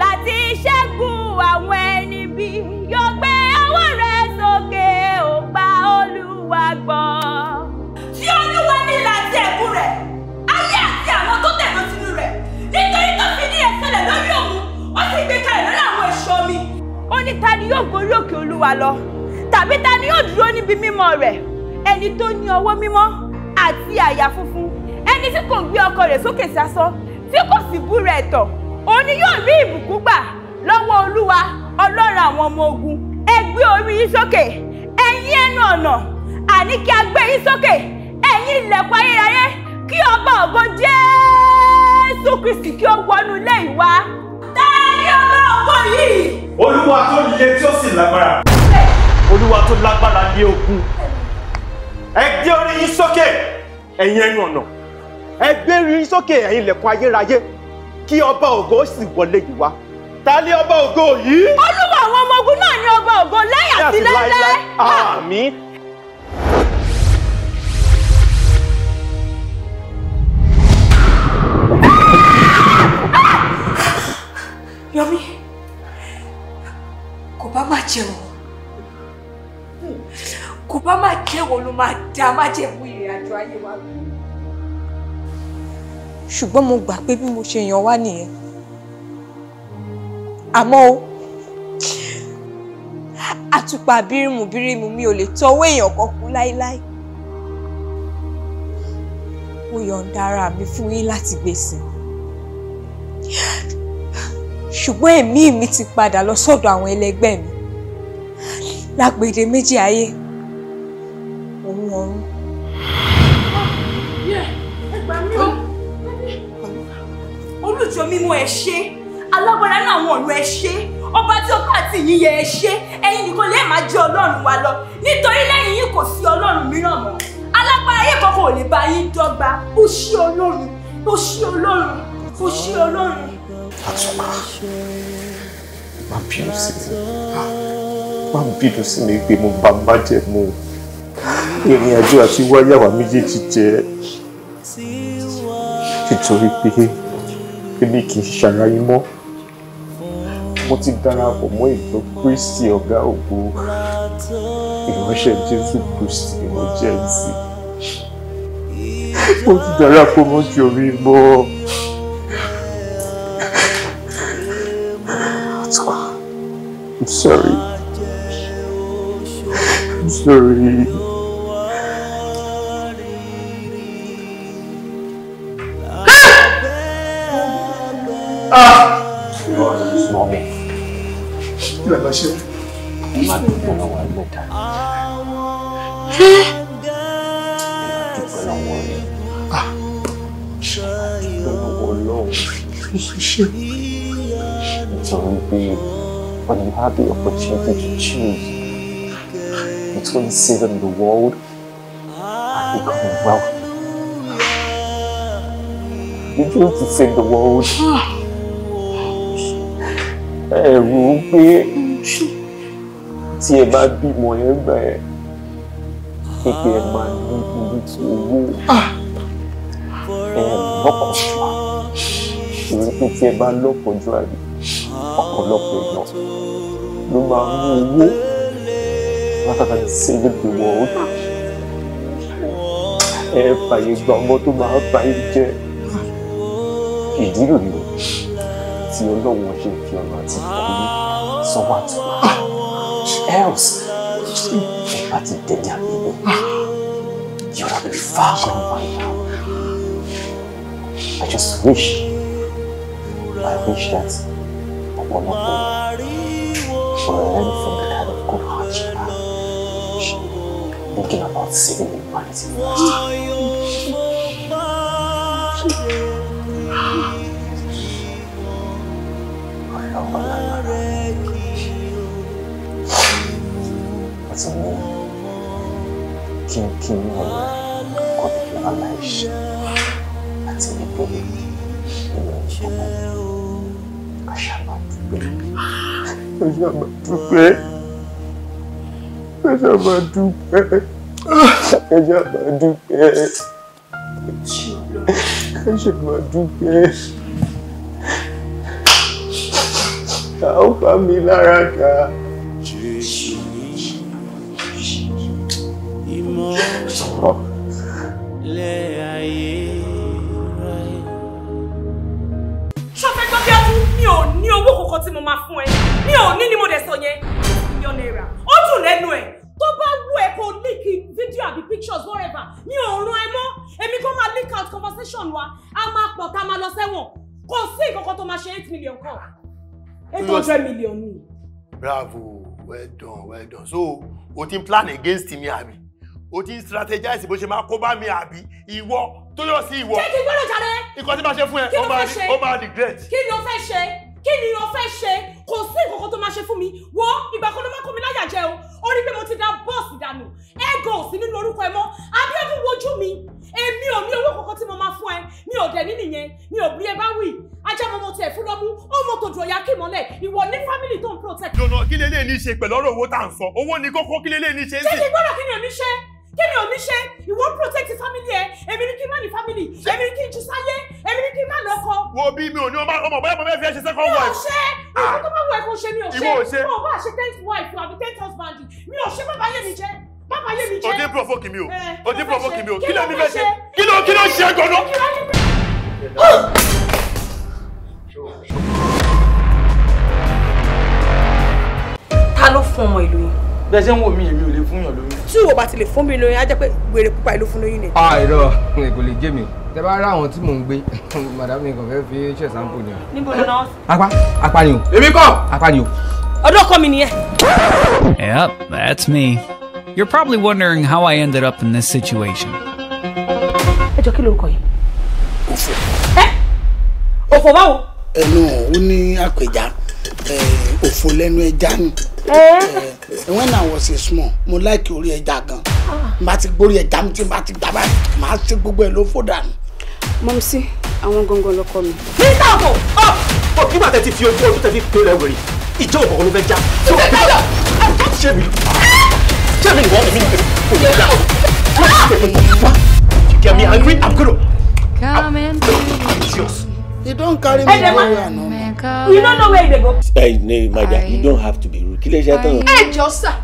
láti ṣẹ́gun àwọn ẹni bí yóò gbé ọwọ́ rẹ̀ sókè ó gba olúwa gbọ́. kalẹ̀ lórí òun ó sì gbé kalẹ̀ lórí àwọn ẹ̀ṣọ́ mi. ó ní ta ni yóò gorí òkè olúwa lọ tàbí ta ni yóò dúró níbi mímọ́ rẹ̀ ẹni tó ní ọwọ́ mímọ́ àti àyà funfun ẹni tí kò gbé ọkọ rẹ̀ sókè sásán tí kò sì búra ẹ̀tọ́ òun ni yóò rí ìbùkún gbà lọ́wọ́ olúwa ọlọ́run àwọn ọmọ ogun ẹ gbé orí yín sókè ẹ̀yin ẹnu ọ̀nà àní kí a gbé yín sókè ẹ̀yin ilẹ̀kùn ayérayé kí ọba ògo jẹ́. Jésù Kristi kí ó wọnú ilé ìwà. Táyé ọlọ́ọ̀kọ́ yìí. Olúwa tó le tí ó sì lágbára. Olúwa tó lágbára lé ogun. Ẹ gbé orí yín sókè ẹ̀yin ẹnu ọ̀nà. Ẹ gbé orí yín sókè ẹ̀yin ilẹ̀kùn ayérayé. Kí ọba ògo sì wọlé yìí wá. Ta ni ọba ògo yìí? Olúwa àwọn ọmọ ogun náà ni ọba ògo lẹ́yìn àti lẹ́lẹ́. Àmín. Yomi, kò bá má jẹun kò bá má jẹun ló máa dá má jẹun ìrìn àjò ayé wa lọ. ṣùgbọ́n mo gbà pé bí mo ṣe yàn wá nìyẹn àmọ́ o àtùpà bírímùbírímù mi ò lè tọwọ́ èèyàn kan kú láéláé mo yọ̀ǹda ara mi fún yín láti gbèsè e ṣùgbọ́n ẹ̀mí mi ti padà lọ sọ́dọ̀ àwọn ẹlẹgbẹ́ mi lágbèdè méjì ayé òun ọ̀run. olùjọmí ah, mú ẹ ṣe alágbára náà àwọn ọ̀run ẹ ṣe ọba tí ọkọ àti ìyìn yẹ ẹ ṣe ẹ̀yin nìkan lè má jẹ́ ọlọ́run wa lọ nítorí lẹ́yìn yìí kò sí ọlọ́run mìíràn mọ́ alágbára ayé kankan ò lè bá yín dọ́gba ó ṣí ọlọ́run ó ṣí ọlọ́run ó ṣí ọlọ́run àtúnká má bínú sí mi má bínú sí mi pé mo bá má jẹ mú ìrìn àjò àti wáyàwá méjèèjì jẹ nítorí ti darapọ̀ mọ́ ìjọ Kristi ọ̀gá ògo ìránṣẹ́ Jésù Kristi mo ẹ̀sìn mo ti darapọ̀ mọ́ jòrí mọ́. I'm sorry. I'm sorry. Ah! Mommy. You are sure. I'm not going to one more time. Ah! Ṣé o lọ́wọ́ lọ́wọ́? Ṣé o ṣe? Ìtàn ń gbé. When you had the opportunity to choose between saving the world and becoming wealthy. You chose to save the world. Ẹ̀rù pé tí ẹ bá bímọ yẹn a ẹ́ pépé ẹ máa And look tí owó ẹ lọ́kọ̀ọ́ ṣùgbọ́n torí pé tí ẹ bá lọ́kọ̀ọ́ jù àrí ọ̀pọ̀lọpọ̀ èèyàn. ló máa ń mú owó látara sínú ìgbìmọ̀ ọ̀hún. ẹ fàyè gba ọmọ tó máa bá yín jẹ ìdí rèé tí ọlọ́run ṣe fi ọ̀nà àti ìkọ́lé sọ́wọ́ àtúmọ̀ else ẹ bá ti dẹni àbíbí you have been far gone by now. I just wish, I wish that I will not go. Well, from the kind of good heart you have, she thinking about saving humanity first. Kí kí ni ọ̀rọ̀ kọ́ bí wọ́n aláìṣe àti wípé ìwọ̀n ìgbọ́n àṣà máa ń gbé ó ṣàmà dúpẹ́ ó ṣàmà dúpẹ́ ó ṣàmà dúpẹ́ ó ṣàmà dúpẹ́ ta ó bá mi lára ga. Jésù ní lẹ́ ayé rẹ̀. Ṣọ́fẹ́ gbọ́dọ̀ mi ò ní owó kankan tí mo máa fún ẹ mi ò ní ni mo dẹ̀ sọ yẹn million naira ó dùn lẹ́nu ẹ̀ tó bá wú ẹ kó leak video àbí pictures whatever mi ò ràn ẹ mọ́ èmi kò máa leak out conversation wa a máa pọ̀ tá a máa lọ sẹ́wọ̀n kò sí ìkọ̀kọ̀ tó máa ṣe eight million kọ́ eight hundred million ni. bravo well done well done so o ti plan against mi abi. o ti strategize bó ṣe máa kó bá mi àbí ìwọ tó yọ sí ìwọ. kí ni gbọ́dọ̀ jáde. nǹkan tí máa ṣe fún ẹ ó máa regret. kí ló fẹ́ ṣe kí ni o fẹ́ ṣe kò sí nǹkan kan tó máa ṣe fún mi wo ìgbà kan ló máa kó mi láyà jẹ o ó rí pé mo ti da bọ́ọ̀sì dànù ẹ̀gọ́ ò sí nínú orúkọ ẹ mọ́ Abíọ́dún wojú mi èmi ò ní owó kankan tí mo máa fún ẹ mi ò dẹ̀ ní nìyẹn mi ò bí ẹ bá wì ajá mo mo tiẹ̀ fún lọ́mú ó mo tòjú ọ̀yà kí mọ́lẹ̀ ìwọ ní fámìlì tó ń protect. dùnà kí lélẹ́ẹ̀ ní í ṣe pẹ̀lú ọ̀rọ̀ owó tá à ń sọ owó ni kókó kí lélẹ́ẹ̀ ní í ṣe é sí. kí gbọ́dọ̀ kí ni ò ní ṣe kéde oníṣẹ́ ìwọ protect family ẹ èmi ní kí n má ní family èmi ní kí n jù sáyé èmi ní kí n má lọ́kọ. wo bí mi ò ní ọmọ ọmọ bóyá mo fẹ́ fi ẹ ṣe second wife. mi ò ṣe ah. ìwọ tó bá wọ ẹ̀kọ́ ṣe mi ò ṣe ìwọ ò ṣe mo bá ṣe tenth wife àbí tenth husband mi ò ṣe bàbá yé mi jẹ bàbá yé mi jẹ. o ti provoke mi o eh, o ti provoke mi o kí ló ní fẹ́ ṣe kí ló kí ló ṣe gbọ́dọ̀. ta ló fún ọmọ ìlú yìí bẹ́ẹ̀ ń wò mí èmi ò lè fún yàn lóyún. tí ìwọ bá ti lè fún mi lóyún á jẹ́ pé wèrè pupa ìlú fún lóyún ni. a ah, kò lè jẹ́ mi tẹ bá rá àwọn tí mò ń gbé madame nǹkan fẹ́ fi ṣe sampo ni. níbo ni nọ́ọ̀sì. apá apá ni o. èmi kọ́. apá ni o. ọdún ọkọ mi nìyẹn. Yep, that's me. You're probably wondering how I ended up in this situation. ẹ jọ kí lorúkọ yìí. òfò. ẹ òfò báwo. ẹnu ò ní àpèjá òfò lẹ́nu ẹja nù when I was a small mo like orí ẹja gan màá ti gbórí ẹja mi tí màá ti gbà báyìí màá ṣe gbogbo ẹ ló fò dànù. mọ̀mísí àwọn gangan lọkọ mi. nígbà wo ọ nígbà tẹ ti fi ojú ojú tẹ fi pè rẹ wèrè ìjọ òkòkò ló fẹ́ já. ṣé tẹ́lẹ̀ ṣé mi ṣé mi ìwọ mi nìkan kò ní ìjà má get angry I'm gonna. come and you don carry me go where I no. You don't know where they go. Hey, no, my dear, you don't have to be rude. Kile Hey, Josa.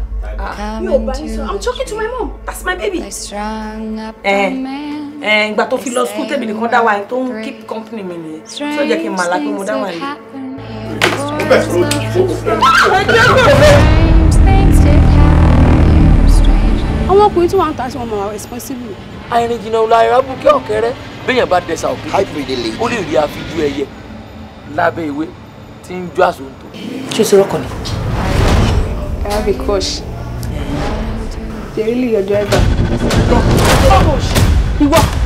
Yo, Baniso, I'm talking to my mom. That's my baby. Eh, eh, But tó fi lọ school tèmi nìkan dá to keep company mi ni. So you kí n ma la pé mo dá wà ni. Àwọn ọkùnrin tí wọ́n ń ta sí wọn mọ̀ wá responsible. Àìrìn jìnnà ọ̀la ẹ̀rọ abúkẹ́ ọ̀kẹ́rẹ́. Béèyàn bá dẹ̀sà òkè. Hybrid lè. Ó lè do it ẹyẹ lábẹ́ ìwé tí ń jó àsòǹtò. ṣé o ti rọ́kọ̀ ni. that because they really your driver. ìwọ.